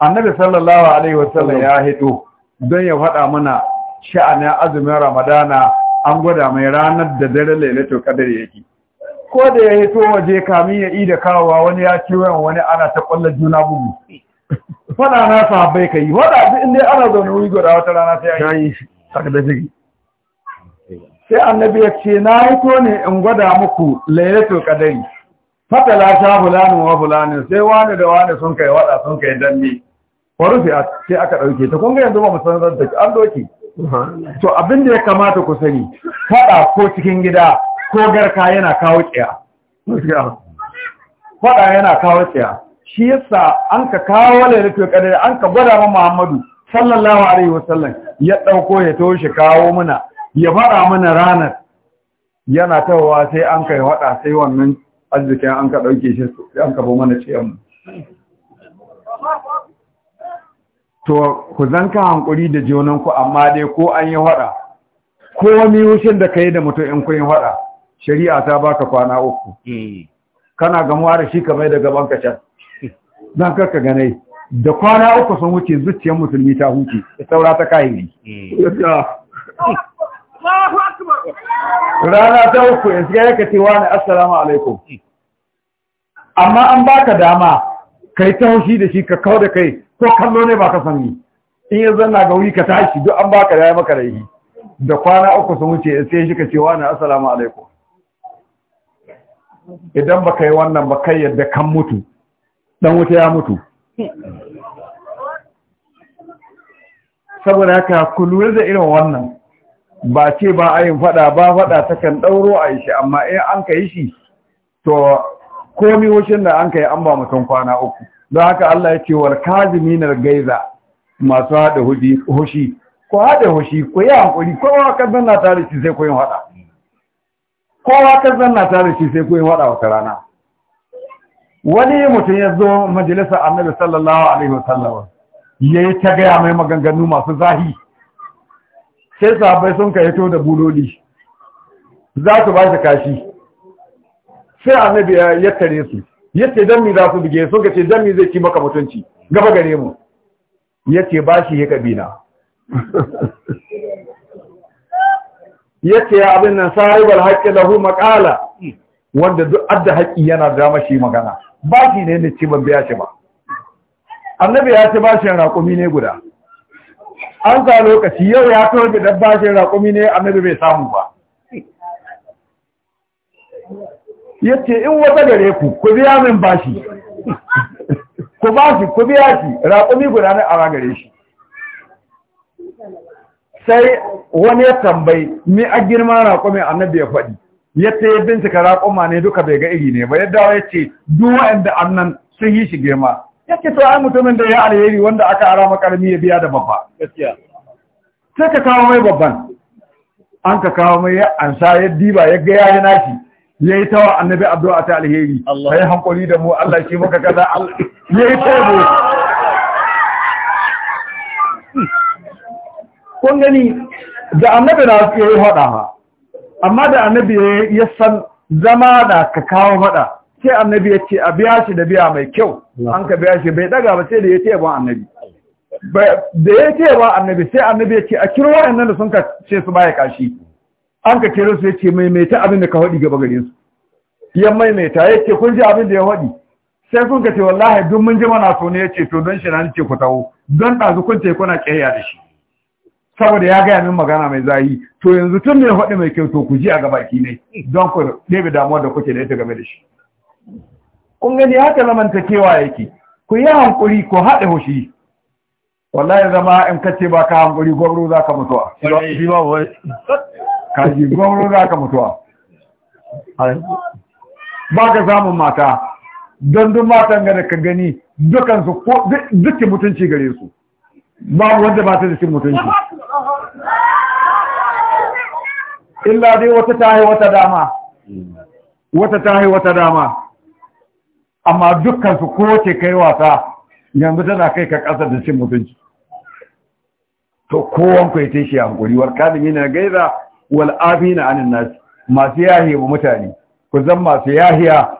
annabi sallallahu alaihi wasallam ya hito don ya faɗa mana sha'anin azumin ramadana an gwada mai ranar da dare lailatul qadr yake ko da ya hito waje kamin ya ida kawowa wani ya ci wani ana ta kwallon juna bugu faɗa na sahabbai kai faɗa duk inda ana zaune wuri gwada wata rana sai yi sai annabi ya ce na hito ne in gwada muku lailatul kadai. fatala ta fulani wa fulani sai wani da wani sun kai wada sun kai danne warufi sai aka dauke ta kun ga yanzu ba mu san zanta an doke to abin da ya kamata ku sani fada ko cikin gida ko garka yana kawo tsiya fada yana kawo tsiya shi yasa an ka kawo lailatul kadai, an ka gwada ma Muhammadu sallallahu alaihi wasallam ya dauko ya toshe kawo muna ya faɗa mana ranar yana tawowa sai an kai waɗa sai wannan arzikin an ka ɗauke shi an ka bo mana ciyanmu to ku zanka hankuri da ku amma dai ko an yi waɗa ko wani wucin da ka yi da mutum in kun yi waɗa shari'a ta baka kwana uku hmm. kana gamuwa da shi kamar da gaban ka can kar karka ganai da kwana uku sun wuce zuciyar musulmi ta huce saura ta kayi ne hmm. rana ta uku ya shiga yaka ce wani assalamu alaikum amma an baka dama kai ta haushi da shi ka kawo da kai ko kallo ne ba ka sani in yanzu na ga wuri ka tashi duk an baka dama ka rai da kwana uku sun wuce sai shi ka ce wani assalamu alaikum idan baka yi wannan ba kai yadda kan mutu dan wuta ya mutu saboda haka ku lura da irin wannan ba ce ba a yin fada ba fada takan ɗauro a yi shi amma in an ka yi shi to komi wucin da an ka yi an ba mutum kwana uku don haka Allah ya ce wa kaziminar gaiza masu haɗa hushi ku haɗa hushi ku yi hankuri kowa ka zanna tare shi sai ku yin haɗa kowa ka zanna tare shi sai ku yin haɗa wata rana wani mutum ya zo majalisar annabi sallallahu alaihi wasallam ya yi ta gaya mai maganganu masu zahi sai sahabbai sun kayato da buloli za su ba shi kashi sai annabi ya tare su yace dan mi za su buge su ce dan mi zai ci maka mutunci gaba gare mu yace ba shi ya kabila yace abin nan sahibul haqqi lahu maqala wanda duk adda haƙi yana da mashi magana ba shi ne ne ci ban biya shi ba annabi ya ce ba bashin raƙumi ne guda an sa lokaci yau ya to da dabbashin raƙumi ne annabi bai samu ba yace in wata gare ku ku biya min bashi ku ba ku biya shi raƙumi guda na ara gare shi sai wani ya tambayi ni a raƙumi a annabi ya faɗi yadda ya bincika raƙuma ne duka bai ga iri ne ba yadda ya ce duk inda annan sun yi shi girma yake to ai mutumin da ya alheri wanda aka ara makarami ya biya da babba gaskiya sai ka kawo mai babban an ka kawo mai an sa ya diba ya ga yayi nashi yayi tawa annabi abdu ta alheri sai hankuri da mu Allah shi muka kaza yayi tabo kun gani da annabi na yayi hada amma da annabi ya san zama da ka kawo hada sai annabi ya ce a biya shi da biya mai kyau an ka biya shi bai daga ba sai da ya ce ba annabi da ya ce ba annabi sai annabi ya ce a kiro nan da sun ka ce su baya kashi an ka kiro su ya ce maimaita abin da ka faɗi gaba gare su ya maimaita ya ce kun ji abin da ya faɗi sai sun ka ce wallahi duk mun ji mana so ne ya ce to don shi na ce ku taho don ɗazu kun ce kuna ƙiyayya da shi saboda ya gaya min magana mai zahi to yanzu tun ne ya mai kyau to ku ji a gabaki ne don ku ɗebe damuwar da kuke da ita game da shi kun gani haka zamantakewa yake ku yi hankuri ku haɗa hushi wallahi zama in kace ba ka hankuri gwamro za ka mutuwa kaji gwamro za ka mutuwa ba ka samun mata don duk matan ga da ka gani dukansu ko dukkan mutunci gare su babu wanda ba ta da cin mutunci illa dai wata tahi wata dama wata tahi wata dama amma dukkan su kowace kai wasa yanzu tana kai ka ƙasa da cin mutunci to kowan ku yace shi hankuri wal kadimi na gaiza wal afina anin nas masu yahiya mu mutane ku zan masu yahiya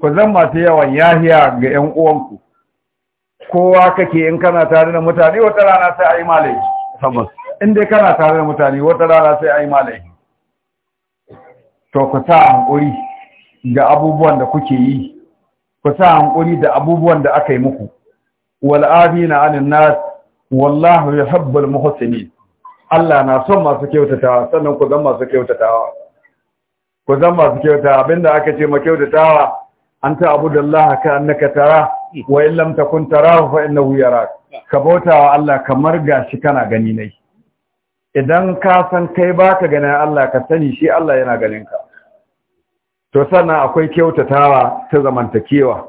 ku zan masu yawan yahiya ga 'yan uwanku kowa kake in kana tare da mutane wata rana sai ayi malai tabbas in dai kana tare da mutane wata rana sai ayi malai to ku ta hankuri ga abubuwan da kuke yi ku sa hankuri da abubuwan da aka yi muku wal na anin nas ya yuhibbul muhsinin Allah na son masu kyautatawa sannan ku masu kyautatawa ku masu kyautatawa abinda aka ce ma kyautatawa an ta abu da Allah ka annaka tara wa in lam takun tarahu fa ka bautawa Allah kamar gashi kana gani nai idan ka san kai baka ganin Allah ka sani shi Allah yana ganin ka to sannan akwai kyautatawa ta zamantakewa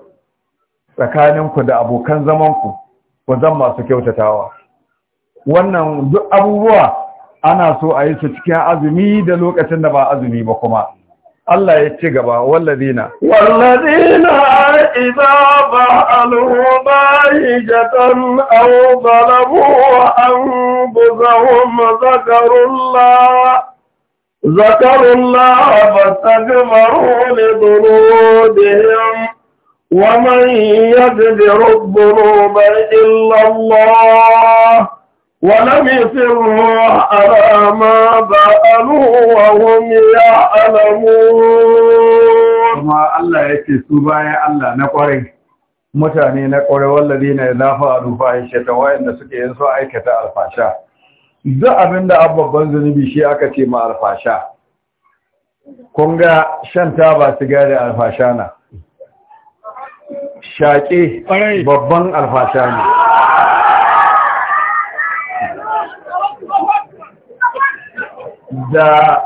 tsakaninku da abokan zamanku ku zan masu kyautatawa wannan duk abubuwa ana so a yi su cikin azumi da lokacin da ba azumi ba kuma Allah ya ci gaba wallazina wallazina idza ba'alu ba'ijatan aw an anbuzahum zakarullah ذكروا الله فاستغفروا لذنوبهم ومن يغفر الذنوب إلا الله ولم يسروا على ما فعلوا وهم يعلمون كما الله يكي يا الله نقري mutane na ƙwarewar ladina ya zafa a rufa ya shata wa'anda suke yin so aikata alfasha duk abin da babban zunubi shi aka ce ma alfasha kun ga shan taba sigari alfasha na shaƙe babban alfasha ne da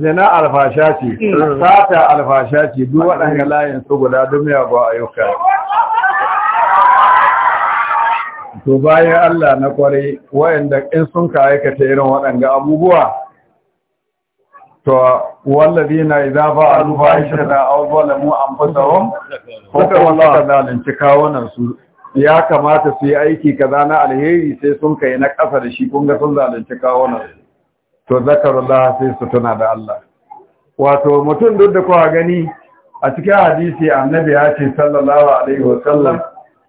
zina alfasha ce mm. sata alfasha ce duk waɗanda layin su guda duniya ba ayyuka to bayan Allah na kwarai wayanda in sun ka aikata irin waɗanga abubuwa to na idza fa'alu fahishatan aw zalamu anfusahum haka wallahi zalunci kawunan su ya kamata su yi aiki kaza na alheri sai sun kai na ƙasa da shi kun ga sun zalunci kawunan su to zakarullah sai su tuna da Allah wato mutum duk da kowa gani a cikin hadisi annabi ya ce sallallahu alaihi wasallam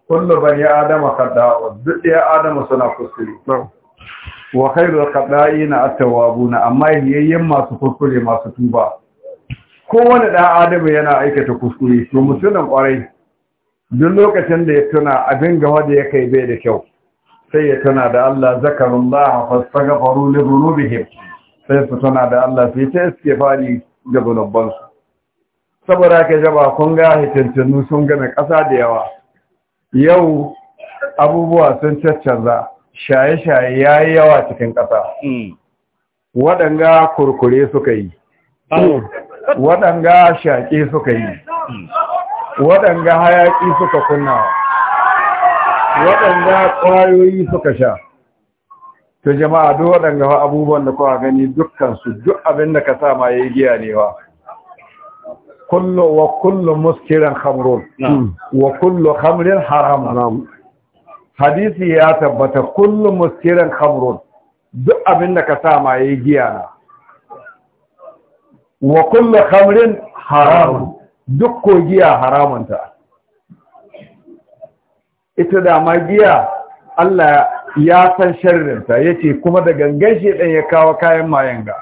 kullu bani adama kadda'un duk ɗaya adama suna kuskure wa khairu qada'ina at amma yayyen masu kuskure masu tuba kowane ɗan adama yana aikata kuskure to mutumin kwarai duk lokacin da ya tuna abin gama da ya kai bai da kyau sai ya tuna da Allah zakarullah fastaghfaru li dhunubihim sai su tuna da Allah sai ta istighfari ga zunubansu saboda ke jaba kun ga hitintunu sun gama ƙasa da yawa yau abubuwa sun caccanza shaye-shaye ya yi yawa cikin ƙasa hmm. waɗanga kurkure suka yi waɗanga shaƙe suka yi hmm. waɗanga hayaƙi suka kunna waɗanga ƙwayoyi suka sha Ta jama'a duk waɗanga abubuwan da kuka gani dukkan su duk abin da ka sa ma yi giya ne wa kullu wa kullu muskirin khamrun wa kullu khamrin haram hadisi ya tabbata kullu muskirin khamrun duk abin da ka sa ma yi giya na wa kullu khamrin haramun duk ko giya haramunta. ita da ma giya Allah ya san ya ce kuma da gangan shi ɗan ya kawo kayan mayan ga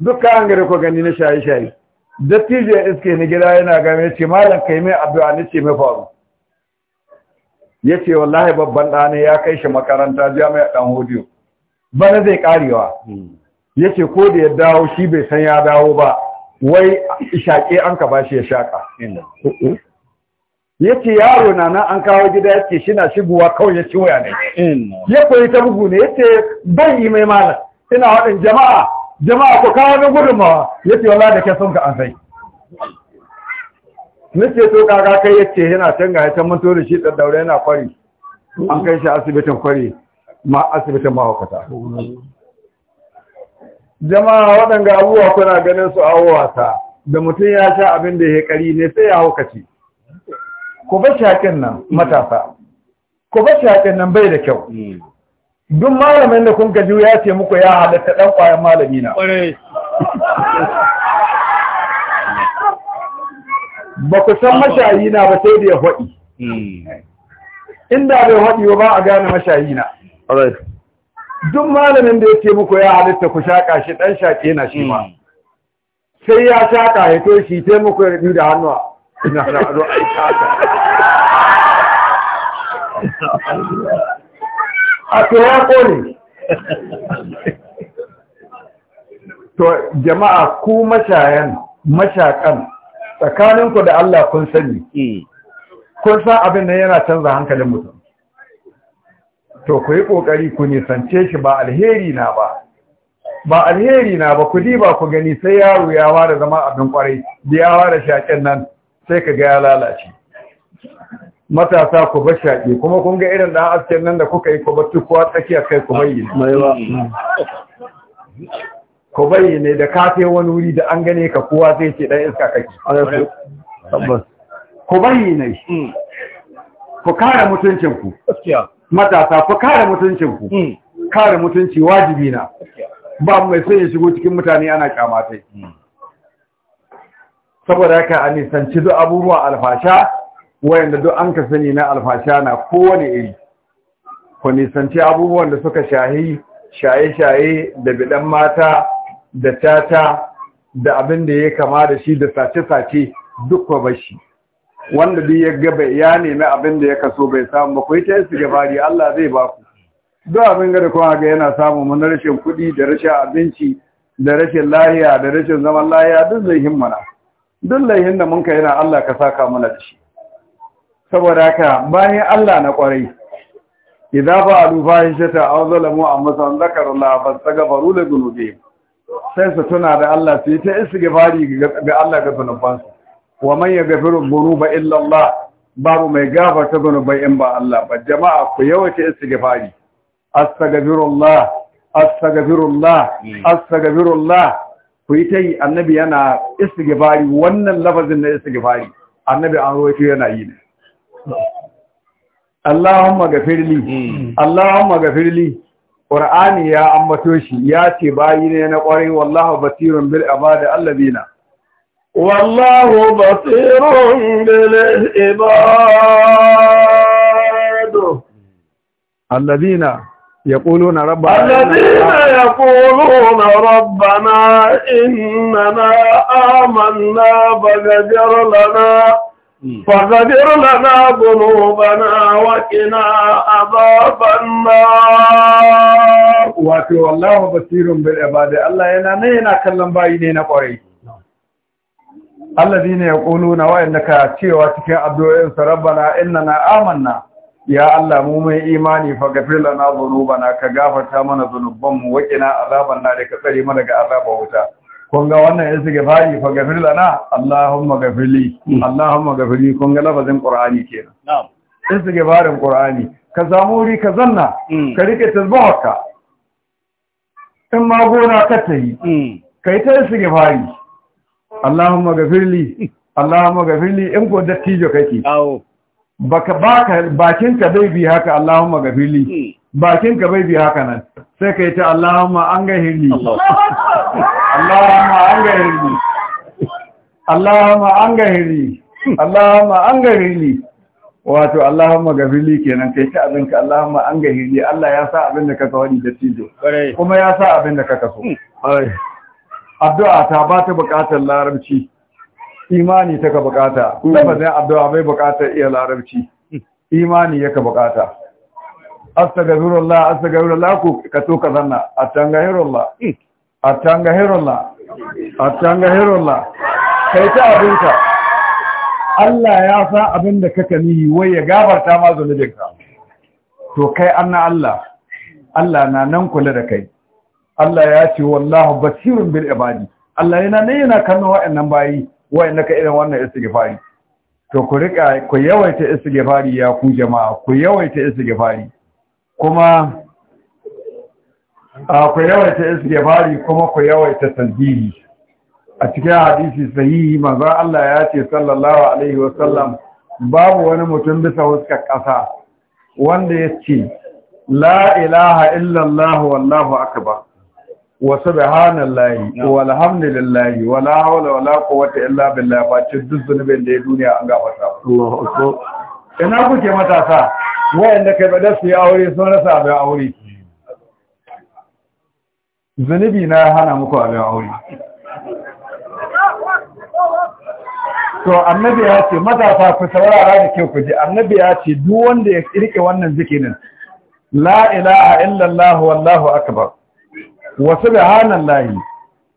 duk kayan gari ko gani na shaye-shaye dattijo ya iske ni gida yana game ce malam kai mai addu'a ni ce mai faru ce wallahi babban ɗane ya kai shi makaranta jami'a dan hodiyo bana zai karewa ce ko da ya dawo shi bai san ya dawo ba wai shaƙe an ka bashi ya shaƙa Ya ce yaro na nan an kawo gida yake shi na shigowa kawai ya ci waya ne ya koyi ta bugu ne ce ban yi mai malam ina waɗin jama'a jama'a ku kawo min gudunmawa ya ce wala da ke son ka an sai to kaga kai yace yana can ga can manto da shi da daure yana kwari an kai shi asibitin kwari ma asibitin mahaukata jama'a waɗanga abubuwa kuna ganin su a wasa da mutum ya sha abin da ya kari ne sai ya haukace ku bar shakin nan matasa ku bar shakin nan bai da kyau mm. duk malamin da kun gaji ya ce muku ya halatta ɗan ƙwayan malami ba ku san mashayi na ba sai da ya faɗi hmm. inda bai faɗi ba a gane mashayi na duk malamin da ya ce muku ya halitta ku shaƙa shi ɗan shaƙe na shi ma hmm. sai ya shaƙa ya to shi sai muku ya da hannuwa ina a to ne. to jama'a ku mashayan mashakan tsakaninku da Allah kun sani e. kun san abin nan yana canza hankalin mutum to ku yi kokari ku nisance shi ba alheri na ba ba alheri na ba ku ba ku gani sai yaro ya ware zama abin kwarai da ya shaƙen nan sai ka ga ya lalace matasa ku bar shaƙi kuma kun ga irin ɗan asken nan da kuka yi ku bar tsakiyar tsakiya kai ku ne. ku ne da ka sai wani wuri da an gane ka kuwa zai ce ɗan iska kake ku ne. Hmm. ku kare mutuncinku matasa ku kare mutuncinku hmm. kare mutunci wajibi na ba mai son ya shigo cikin mutane ana kyamatai hmm. saboda haka a nisanci duk abubuwa alfasha wayanda duk an ka sani na alfasha na kowane iri ku nisanci abubuwan da suka shahi shaye-shaye da bidan mata da tata da abin da ya kama da shi da sace-sace duk kwa bashi wanda duk ya gaba ya nemi abin da ya kaso bai samu ba ku yi ta yin gabari, Allah zai ba ku duk abin gada kuma ga yana samu na rashin kuɗi da rashin abinci da rashin lahiya da rashin zaman lahiya duk zai himmana duk laihin da mun ka yana Allah ka saka mana da shi saboda haka bayan Allah na kwarai idza fa'alu fahishata aw zalamu amsan zakarullah fastaghfiru li dhunubihim sai su tuna da Allah su yi ta istighfari ga Allah ga zunubansu wa man yaghfiru dhunuba illa Allah babu mai gafarta zunubai in ba Allah ba jama'a ku yawaita istighfari astaghfirullah astaghfirullah hmm. astaghfirullah ku yi ta yi annabi yana istighfari wannan lafazin na istighfari annabi an rawaito yana yi ne Allahumma gafirli hmm. Allahumma gafirli Qur'ani ya ambato shi ya ce bayi ne na ƙwarai wallahu basirun bil ibadi allazina wallahu basirun bil ibadi allazina يقولون ربنا الذين يقولون ربنا إننا آمنا فاغفر لنا Hmm. فاغفر لنا ذنوبنا وقنا عذاب النار wato wallahu basirun bil ibadi Allah yana ne kallon bayi ne na kwarai alladhina yaquluna wa innaka cewa cikin addu'o'in sa rabbana innana amanna ya Allah mu mai imani faghfir lana dhunubana ka gafarta mana dhunubanmu mu, qina azaban na ka tsare mana daga azabar wuta kun ga wannan istighfari fa gafir lana Allahumma gafirli hmm. Allahumma gafirli kun ga lafazin Qur'ani kenan na'am istighfarin Qur'ani ka samu ri ka zanna hmm. ka rike tasbihaka in ma gona ka tayi hmm. kai ta istighfari Allahumma gafirli Allahumma gafirli in ko dattijo kake awo baka baka bakinka bai bi haka Allahumma gafirli bakinka bai bi haka nan sai ka yi ta Allahumma an ga hirni Allahumma an ga hirni Allahumma an ga hirni Allahumma an ga hirni wato Allahumma gafili kenan kai ta abinka Allahumma an ga hirni Allah ya sa abin da kaka wani da tijo kuma ya sa abin da kaka so hmm. addu'a ta ba ta bukatar larabci imani ta ka bukata lafazin hmm. addu'a bai bukatar iya larabci hmm. imani ya ka bukata astaghfirullah astaghfirullah ko ka to ka zanna astaghfirullah astaghfirullah astaghfirullah kai ta abin ka. Allah ya san abin da kaka nihi wai ya gafarta ma zunubinka to kai anna Allah Allah na nan kula da kai Allah ya ce wallahu basirun bil ibadi Allah yana ne yana kallon wa'annan bayi wa'anda ka irin wannan istighfari to ku rika ku yawaita istighfari ya ku jama'a ku yawaita istighfari kuma ku yawaita istighfari kuma ku yawaita tasbihi a cikin hadisi sahihi manzon Allah ya ce sallallahu alaihi wasallam babu wani mutum bisa huskar kasa wanda ya ce la ilaha illallah wallahu akbar wa subhanallahi walhamdulillahi wala hawla wala quwwata illa billah ba ce duk zunubin da ya duniya an gafarta Allahu akbar ina kuke matasa wayanda kai bada su yi aure na sa abin aure zunubi na hana muku abin aure to annabi ya ce matafa ku saurara da kyau ku ji annabi ya ce duk wanda ya rike wannan zikirin la ilaha illallah wallahu akbar wa subhanallahi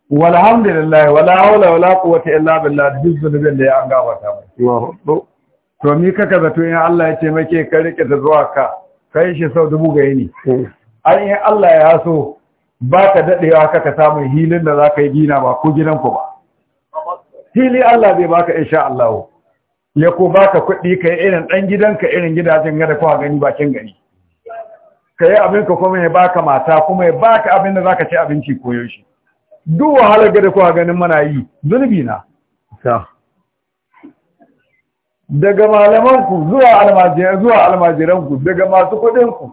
walhamdulillahi wala hawla wala quwwata illa billah duk zunubin da ya an gafarta mu to mi kaka zato in Allah ya taimake ka rike ta zuwa ka kai shi sau dubu ga yini hmm. an yi Allah ya so ba ka daɗewa kaka samun hilin da za ka yi gina ba ko gidanku ba hili Allah bai baka insha Allah ya ko baka kuɗi ka yi irin ɗan gidanka irin gidajen gada kowa gani bakin gani ka yi abin ka kuma ya baka mata kuma ya baka abin da zaka ci abinci koyo shi duk wahalar gada kowa ganin mana yi zunubi na daga malamanku zuwa almajiran zuwa almajiranku daga masu kuɗinku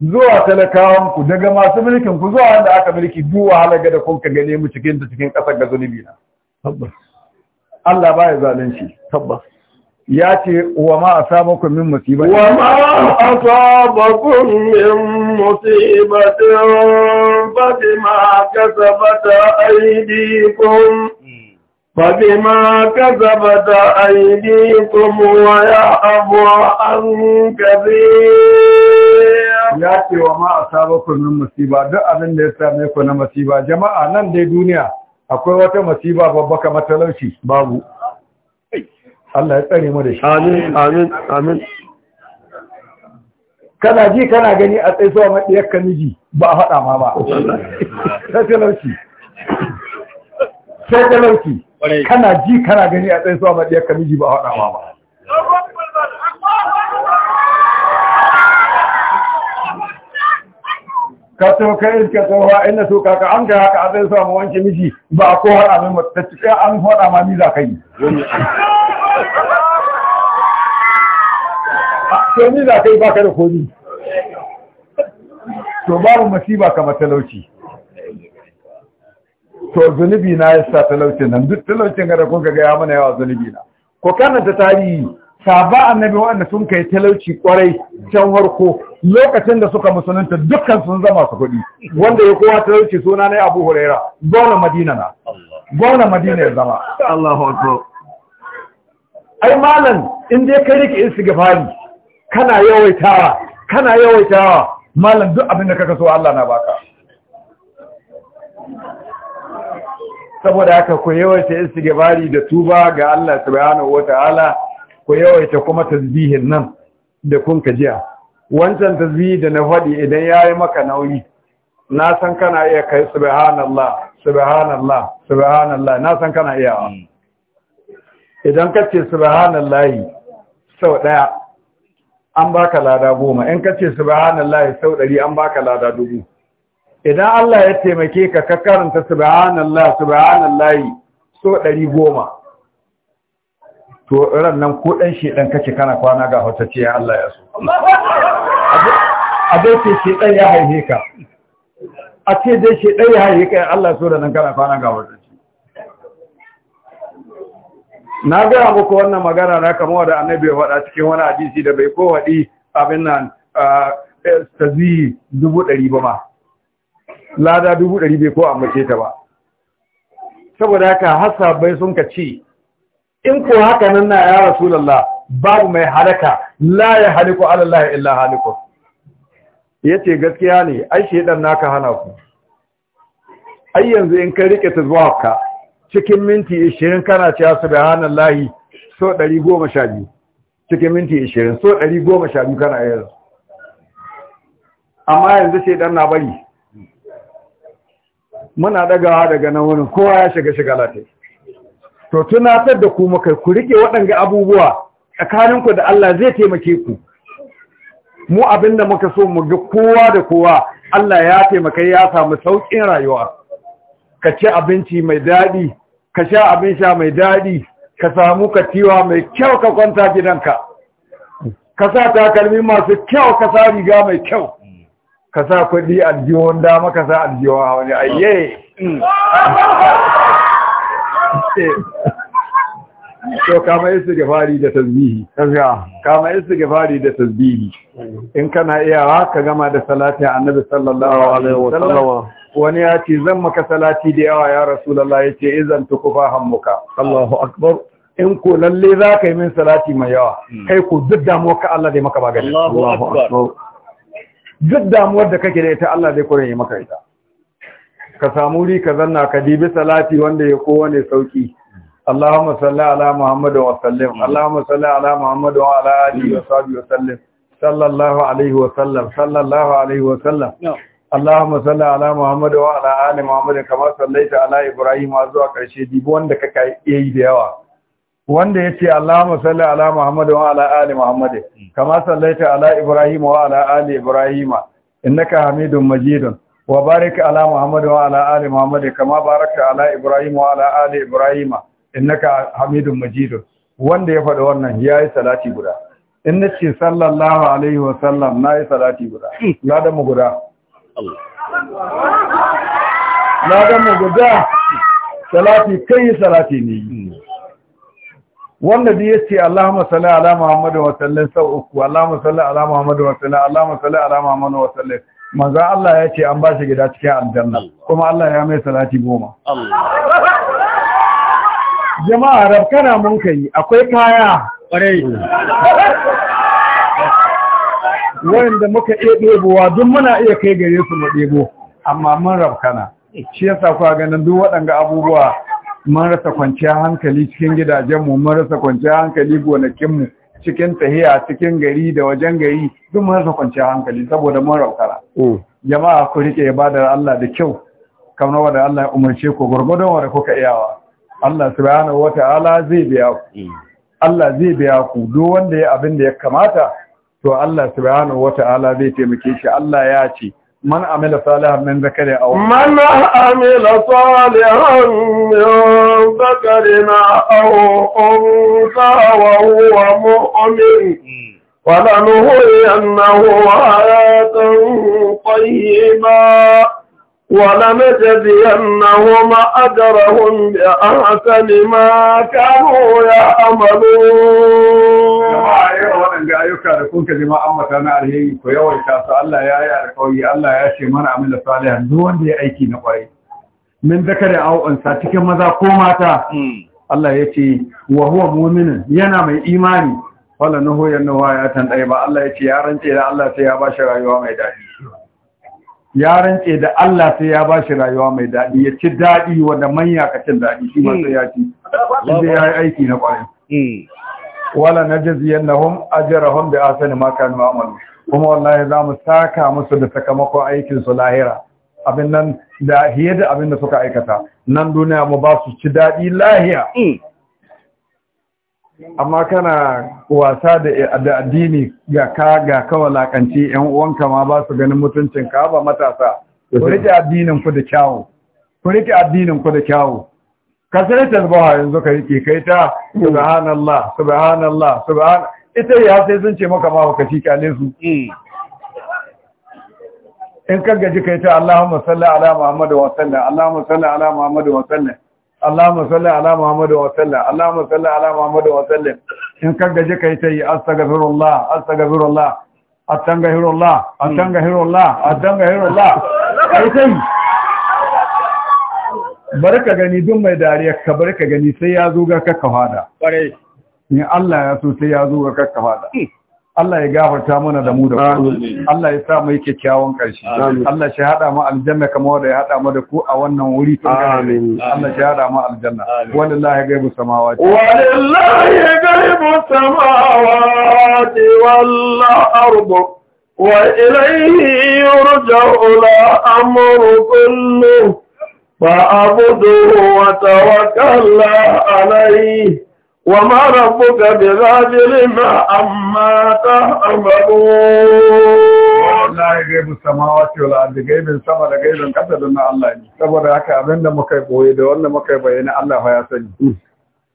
zuwa talakawanku daga masu mulkinku zuwa wanda aka mulki duwa halaga da kun ka gane mu cikin ta cikin ƙasar ga zunubi na tabbas Allah baya zalunci tabbas ya ce wa ma asabakum min musibatin wa ma asabakum min musibatin fa bima kasabat aydikum فبما كذبت أيديكم ويعفو عن كثير ya وما أصابكم ma asabakum min musiba duk abin da ya same دي na أقول jama'a nan dai duniya akwai wata babba talauci babu Allah kana ji kana gani a tsaye zuwa maɗiyar ka miji ba a faɗa ma ba sai talauci sai talauci kana ji kana gani a tsaye suwa maɗiyar kamiji ba waɗa ma ba ka to kai ka to wa so to ka an ka haka zai sa wanke miji ba ko har abin ta cika an fada ma ni kai ka yi to ni ka yi baka da komi to babu masiba kamar talauci to zunubi na ya sa talaucin nan duk talaucin ga kun ga ya mana yawa zunubi na ko kana ta tarihi saba annabi wanda sun kai talauci kwarai can harko lokacin da suka musulunta dukkan sun zama su kuɗi wanda ya kowa talauci suna na Abu Huraira Gwamna Madina na Gwamna Madina ya zama Allah hoto ai malam in dai kai rike istighfari kana yawaitawa kana yawaitawa malam duk abinda kaka so Allah na baka saboda haka ku yawaita istighfari da tuba ga Allah subhanahu wataala ku yawaita kuma tasbihin nan da kun jiya. wancan tasbihi da na faɗi idan yayi maka nauyi na san kana iya kai subhanallah subhanallah subhanallah na san kana iya idan ka ce subhanallah sau ɗaya an baka lada goma in ka ce subhanallah sau ɗari an baka lada dubu idan Allah ya taimake ka ka karanta subhanallah subhanallah so goma. to ran nan ko dan shedan kace kana kwana ga hotacce ya Allah ya so a dai ce shedan ya haife ka a ce dai shedan ya haife ka Allah so da nan kana kwana ga hotacce na abu muku wannan magana na kama da annabi ya faɗa cikin wani hadisi da bai ko wadi abin nan ah, eh, tazi dubu ɗari ba ma lada dubu ɗari bai ko mace ta ba saboda haka hasa bai sun ka ce in ko haka nan na ya lalla, babu mai halaka la ya haliku alallahi illa haliku ce gaskiya ne ai shedan naka hana ku ai yanzu in kai rike tazwaka cikin minti 20 kana cewa subhanallahi so 112 cikin minti 20 so 112 kana yanzu amma yanzu shedan na bari muna dagawa daga nan wani kowa ya shiga shiga latai to tunatar da ku makai ku rike waɗanga abubuwa tsakaninku da Allah zai taimake ku mu abinda muka so mu ga kowa da kowa Allah ya taimaka ya samu sauƙin rayuwa ka ci abinci mai daɗi ka sha abin sha mai daɗi ka samu katiwa mai kyau ka kwanta gidanka ka sa takalmi masu kyau ka sa riga mai kyau ka sa kuɗi aljihun dama ka sa aljihun a wani ayye to kama yi gafari da tasbihi kama yi gafari da tasbihi in kana iyawa ka gama da salatin annabi sallallahu alaihi wa sallam. wani ya ce zan maka salati da yawa ya rasulullah ya ce izan fahan hammuka Allahu akbar in ko lalle za ka yi min salati mai yawa hmm. kai ku duk damuwa ka Allah da maka ba gani Allahu akbar duk damuwar da kake da ita Allah zai kore maka ita ka samu ri ka zanna ka dibi salati wanda ya kowane sauki Allahumma salli ala Muhammad wa sallim Allahumma salli ala Muhammad wa ala alihi wa sahbihi wa sallim sallallahu alaihi wa sallam sallallahu alaihi wa sallam Allahumma salli ala Muhammad wa ala ali Muhammad kama sallaita ala Ibrahim zuwa karshe dibi wanda kaka yi da yawa wanda ya ce Allahumma salli ala Muhammad wa ala ali Muhammad kama sallaita ala Ibrahim wa ala ali Ibrahim innaka Hamidum Majid wa barik ala Muhammad wa ala ali Muhammad kama barakta ala Ibrahim wa ala ali Ibrahim innaka Hamidum Majid wanda ya faɗa wannan yayi salati guda in nace sallallahu alaihi wa sallam nayi salati guda ladan mu guda Allah ladan mu guda salati kai salati ne wanda da ya ce Allahumma salli ala Muhammad wa sallim sau uku Allahumma salli ala Muhammad wa sallim Allahumma salli ala Muhammad wa sallim manzo Allah ya ce an ba shi gida cikin aljanna kuma Allah ya mai salati goma jama'a rabkana mun kai akwai kaya kwarai wanda muka iya ɗebowa duk muna iya kai gare su mu ɗebo amma mun rabkana shi yasa kuwa ganin duk waɗanga abubuwa mun rasa kwanciyar hankali cikin gidajenmu mun rasa kwanciyar hankali gonakinmu cikin tahiya cikin gari da wajen gari duk mun rasa kwanciyar hankali saboda mun raukara mm. jama'a ku rike ibadar Allah da kyau kamar wanda Allah ya umarce ku gurgudun wanda kuka iyawa Allah subhanahu ta'ala zai biya ku mm. Allah zai biya ku duk wanda ya abin da ya kamata to Allah subhanahu ta'ala zai taimake shi Allah ya ce من عمل صالحا من ذكر او من عمل صالحا من ذكر او انثى وهو مؤمن ولنهينه حياه طيبه ولنجزينهم أجرهم بأحسن ما كانوا يعملون جماعة إيه وأنا أيوكا لكونك جماعة أما كان عليه كيوي كاسا الله يا يا ركوي الله يا شي من عمل صالحا دون دي أي كي نقوي من ذكر أو أنسى تكي ماذا قوماتا الله يتي وهو مؤمن ينام إيماني wala nahu yannahu ayatan ba. Allah yace يا رنتي da Allah sai ya bashi rayuwa mai ya rantse da Allah sai ya ba shi rayuwa mai daɗi ya ci daɗi wanda manya ka cin daɗi shi masu ya ci inda ya yi aiki na ƙwarai wala na jaziyar na hun ajiyar hun da ne maka ni ma'amalu kuma wallahi za mu saka musu da sakamakon aikinsu lahira abin nan da hiyar da abin da suka aikata nan duniya mu ba su ci daɗi lahiya hmm. amma kana wasa da addini ga ka ga kawalakanci yan uwanka ma ba su ganin mutuncin ka ba matasa ku rike addinin ku da kyawu ku rike addinin ku da kyawu ka sai tasbaha yanzu ka rike kai ta subhanallah subhanallah subhan ita ya sai sun ce maka ba ka ci kyale su in ka gaji kai ta Allahumma salli ala Muhammad wa sallam Allahumma salli ala Muhammad wa sallam Allahumma salli ala Muhammad wa sallam Allahumma salli ala Muhammad wa sallam in ka gaje kai tayi astaghfirullah astaghfirullah astaghfirullah astaghfirullah astaghfirullah kai sai barka gani duk mai dariya ka barka gani sai ya zo ga kakkafa da ni Allah ya so sai ya zo ga kakkafa da Allah ya gafarta mana da mu da ku Allah ya sa mu yi kyakkyawan karshe Allah shi hada mu aljanna kamar wanda ya hada mu da ku a wannan wuri amin Allah shi hada mu aljanna wallahi gaibu samawati wallahi gaibu samawati wallahi ardu وإليه يرجع الأمر كله wa وتوكل alayhi وما ربك بغافل عما تعملون wallahi gaibin samawati wal ardi gaibin sama da gaibin kasa don Allah ne saboda haka abinda muka koyi da wanda muka bayyana Allah fa ya sani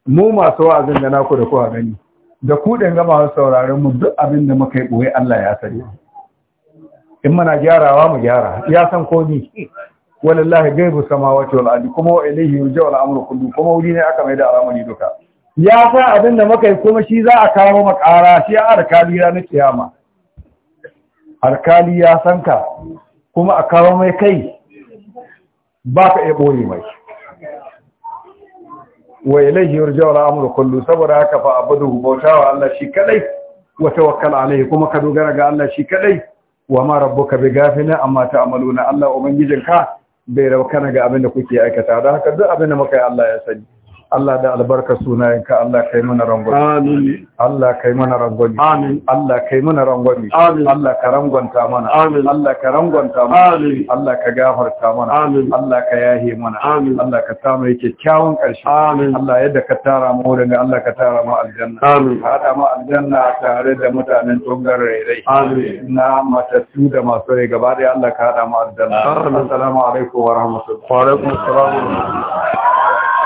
mu masu wa'azin da naku da kowa gani da ku din ga masu sauraron mu duk abinda muka koyi Allah ya sani in muna gyarawa mu gyara ya san ko ni wallahi gaibin samawati wal ardi kuma wa ilayhi yurja al amru kullu kuma wuri ne aka mai da al'amari duka ya sa abin da muka yi kuma shi za a kawo makara shi a alkaliya na kiyama alkali ya san ka kuma a kawo mai kai ba ka iya ɓoye mai wa ilaihi yurja'u al-amru kullu saboda haka fa abudu wa Allah shi kadai wa tawakkal alaihi kuma ka dogara ga Allah shi kadai wa ma rabbuka bighafina amma ta'maluna Allah ubangijinka bai kana ga abin da kuke aikata da haka duk abin da muka yi Allah ya sani Allah da albarka sunayenka Allah kai mana rangwami amin Allah kai mana rangwami amin Allah kai mana rangwami amin Allah ka rangwanta mana amin Allah ka rangwanta mana amin Allah ka gafarta mana amin Allah ka yahe mana amin Allah ka samu yake kyawun ƙarshe amin Allah yadda ka tara mu daga Allah ka tara mu aljanna amin hada mu aljanna tare da mutanen tungar rai amin na matattu da masu rai gaba da Allah ka hada mu aljanna assalamu alaikum wa rahmatullahi wa alaikum assalam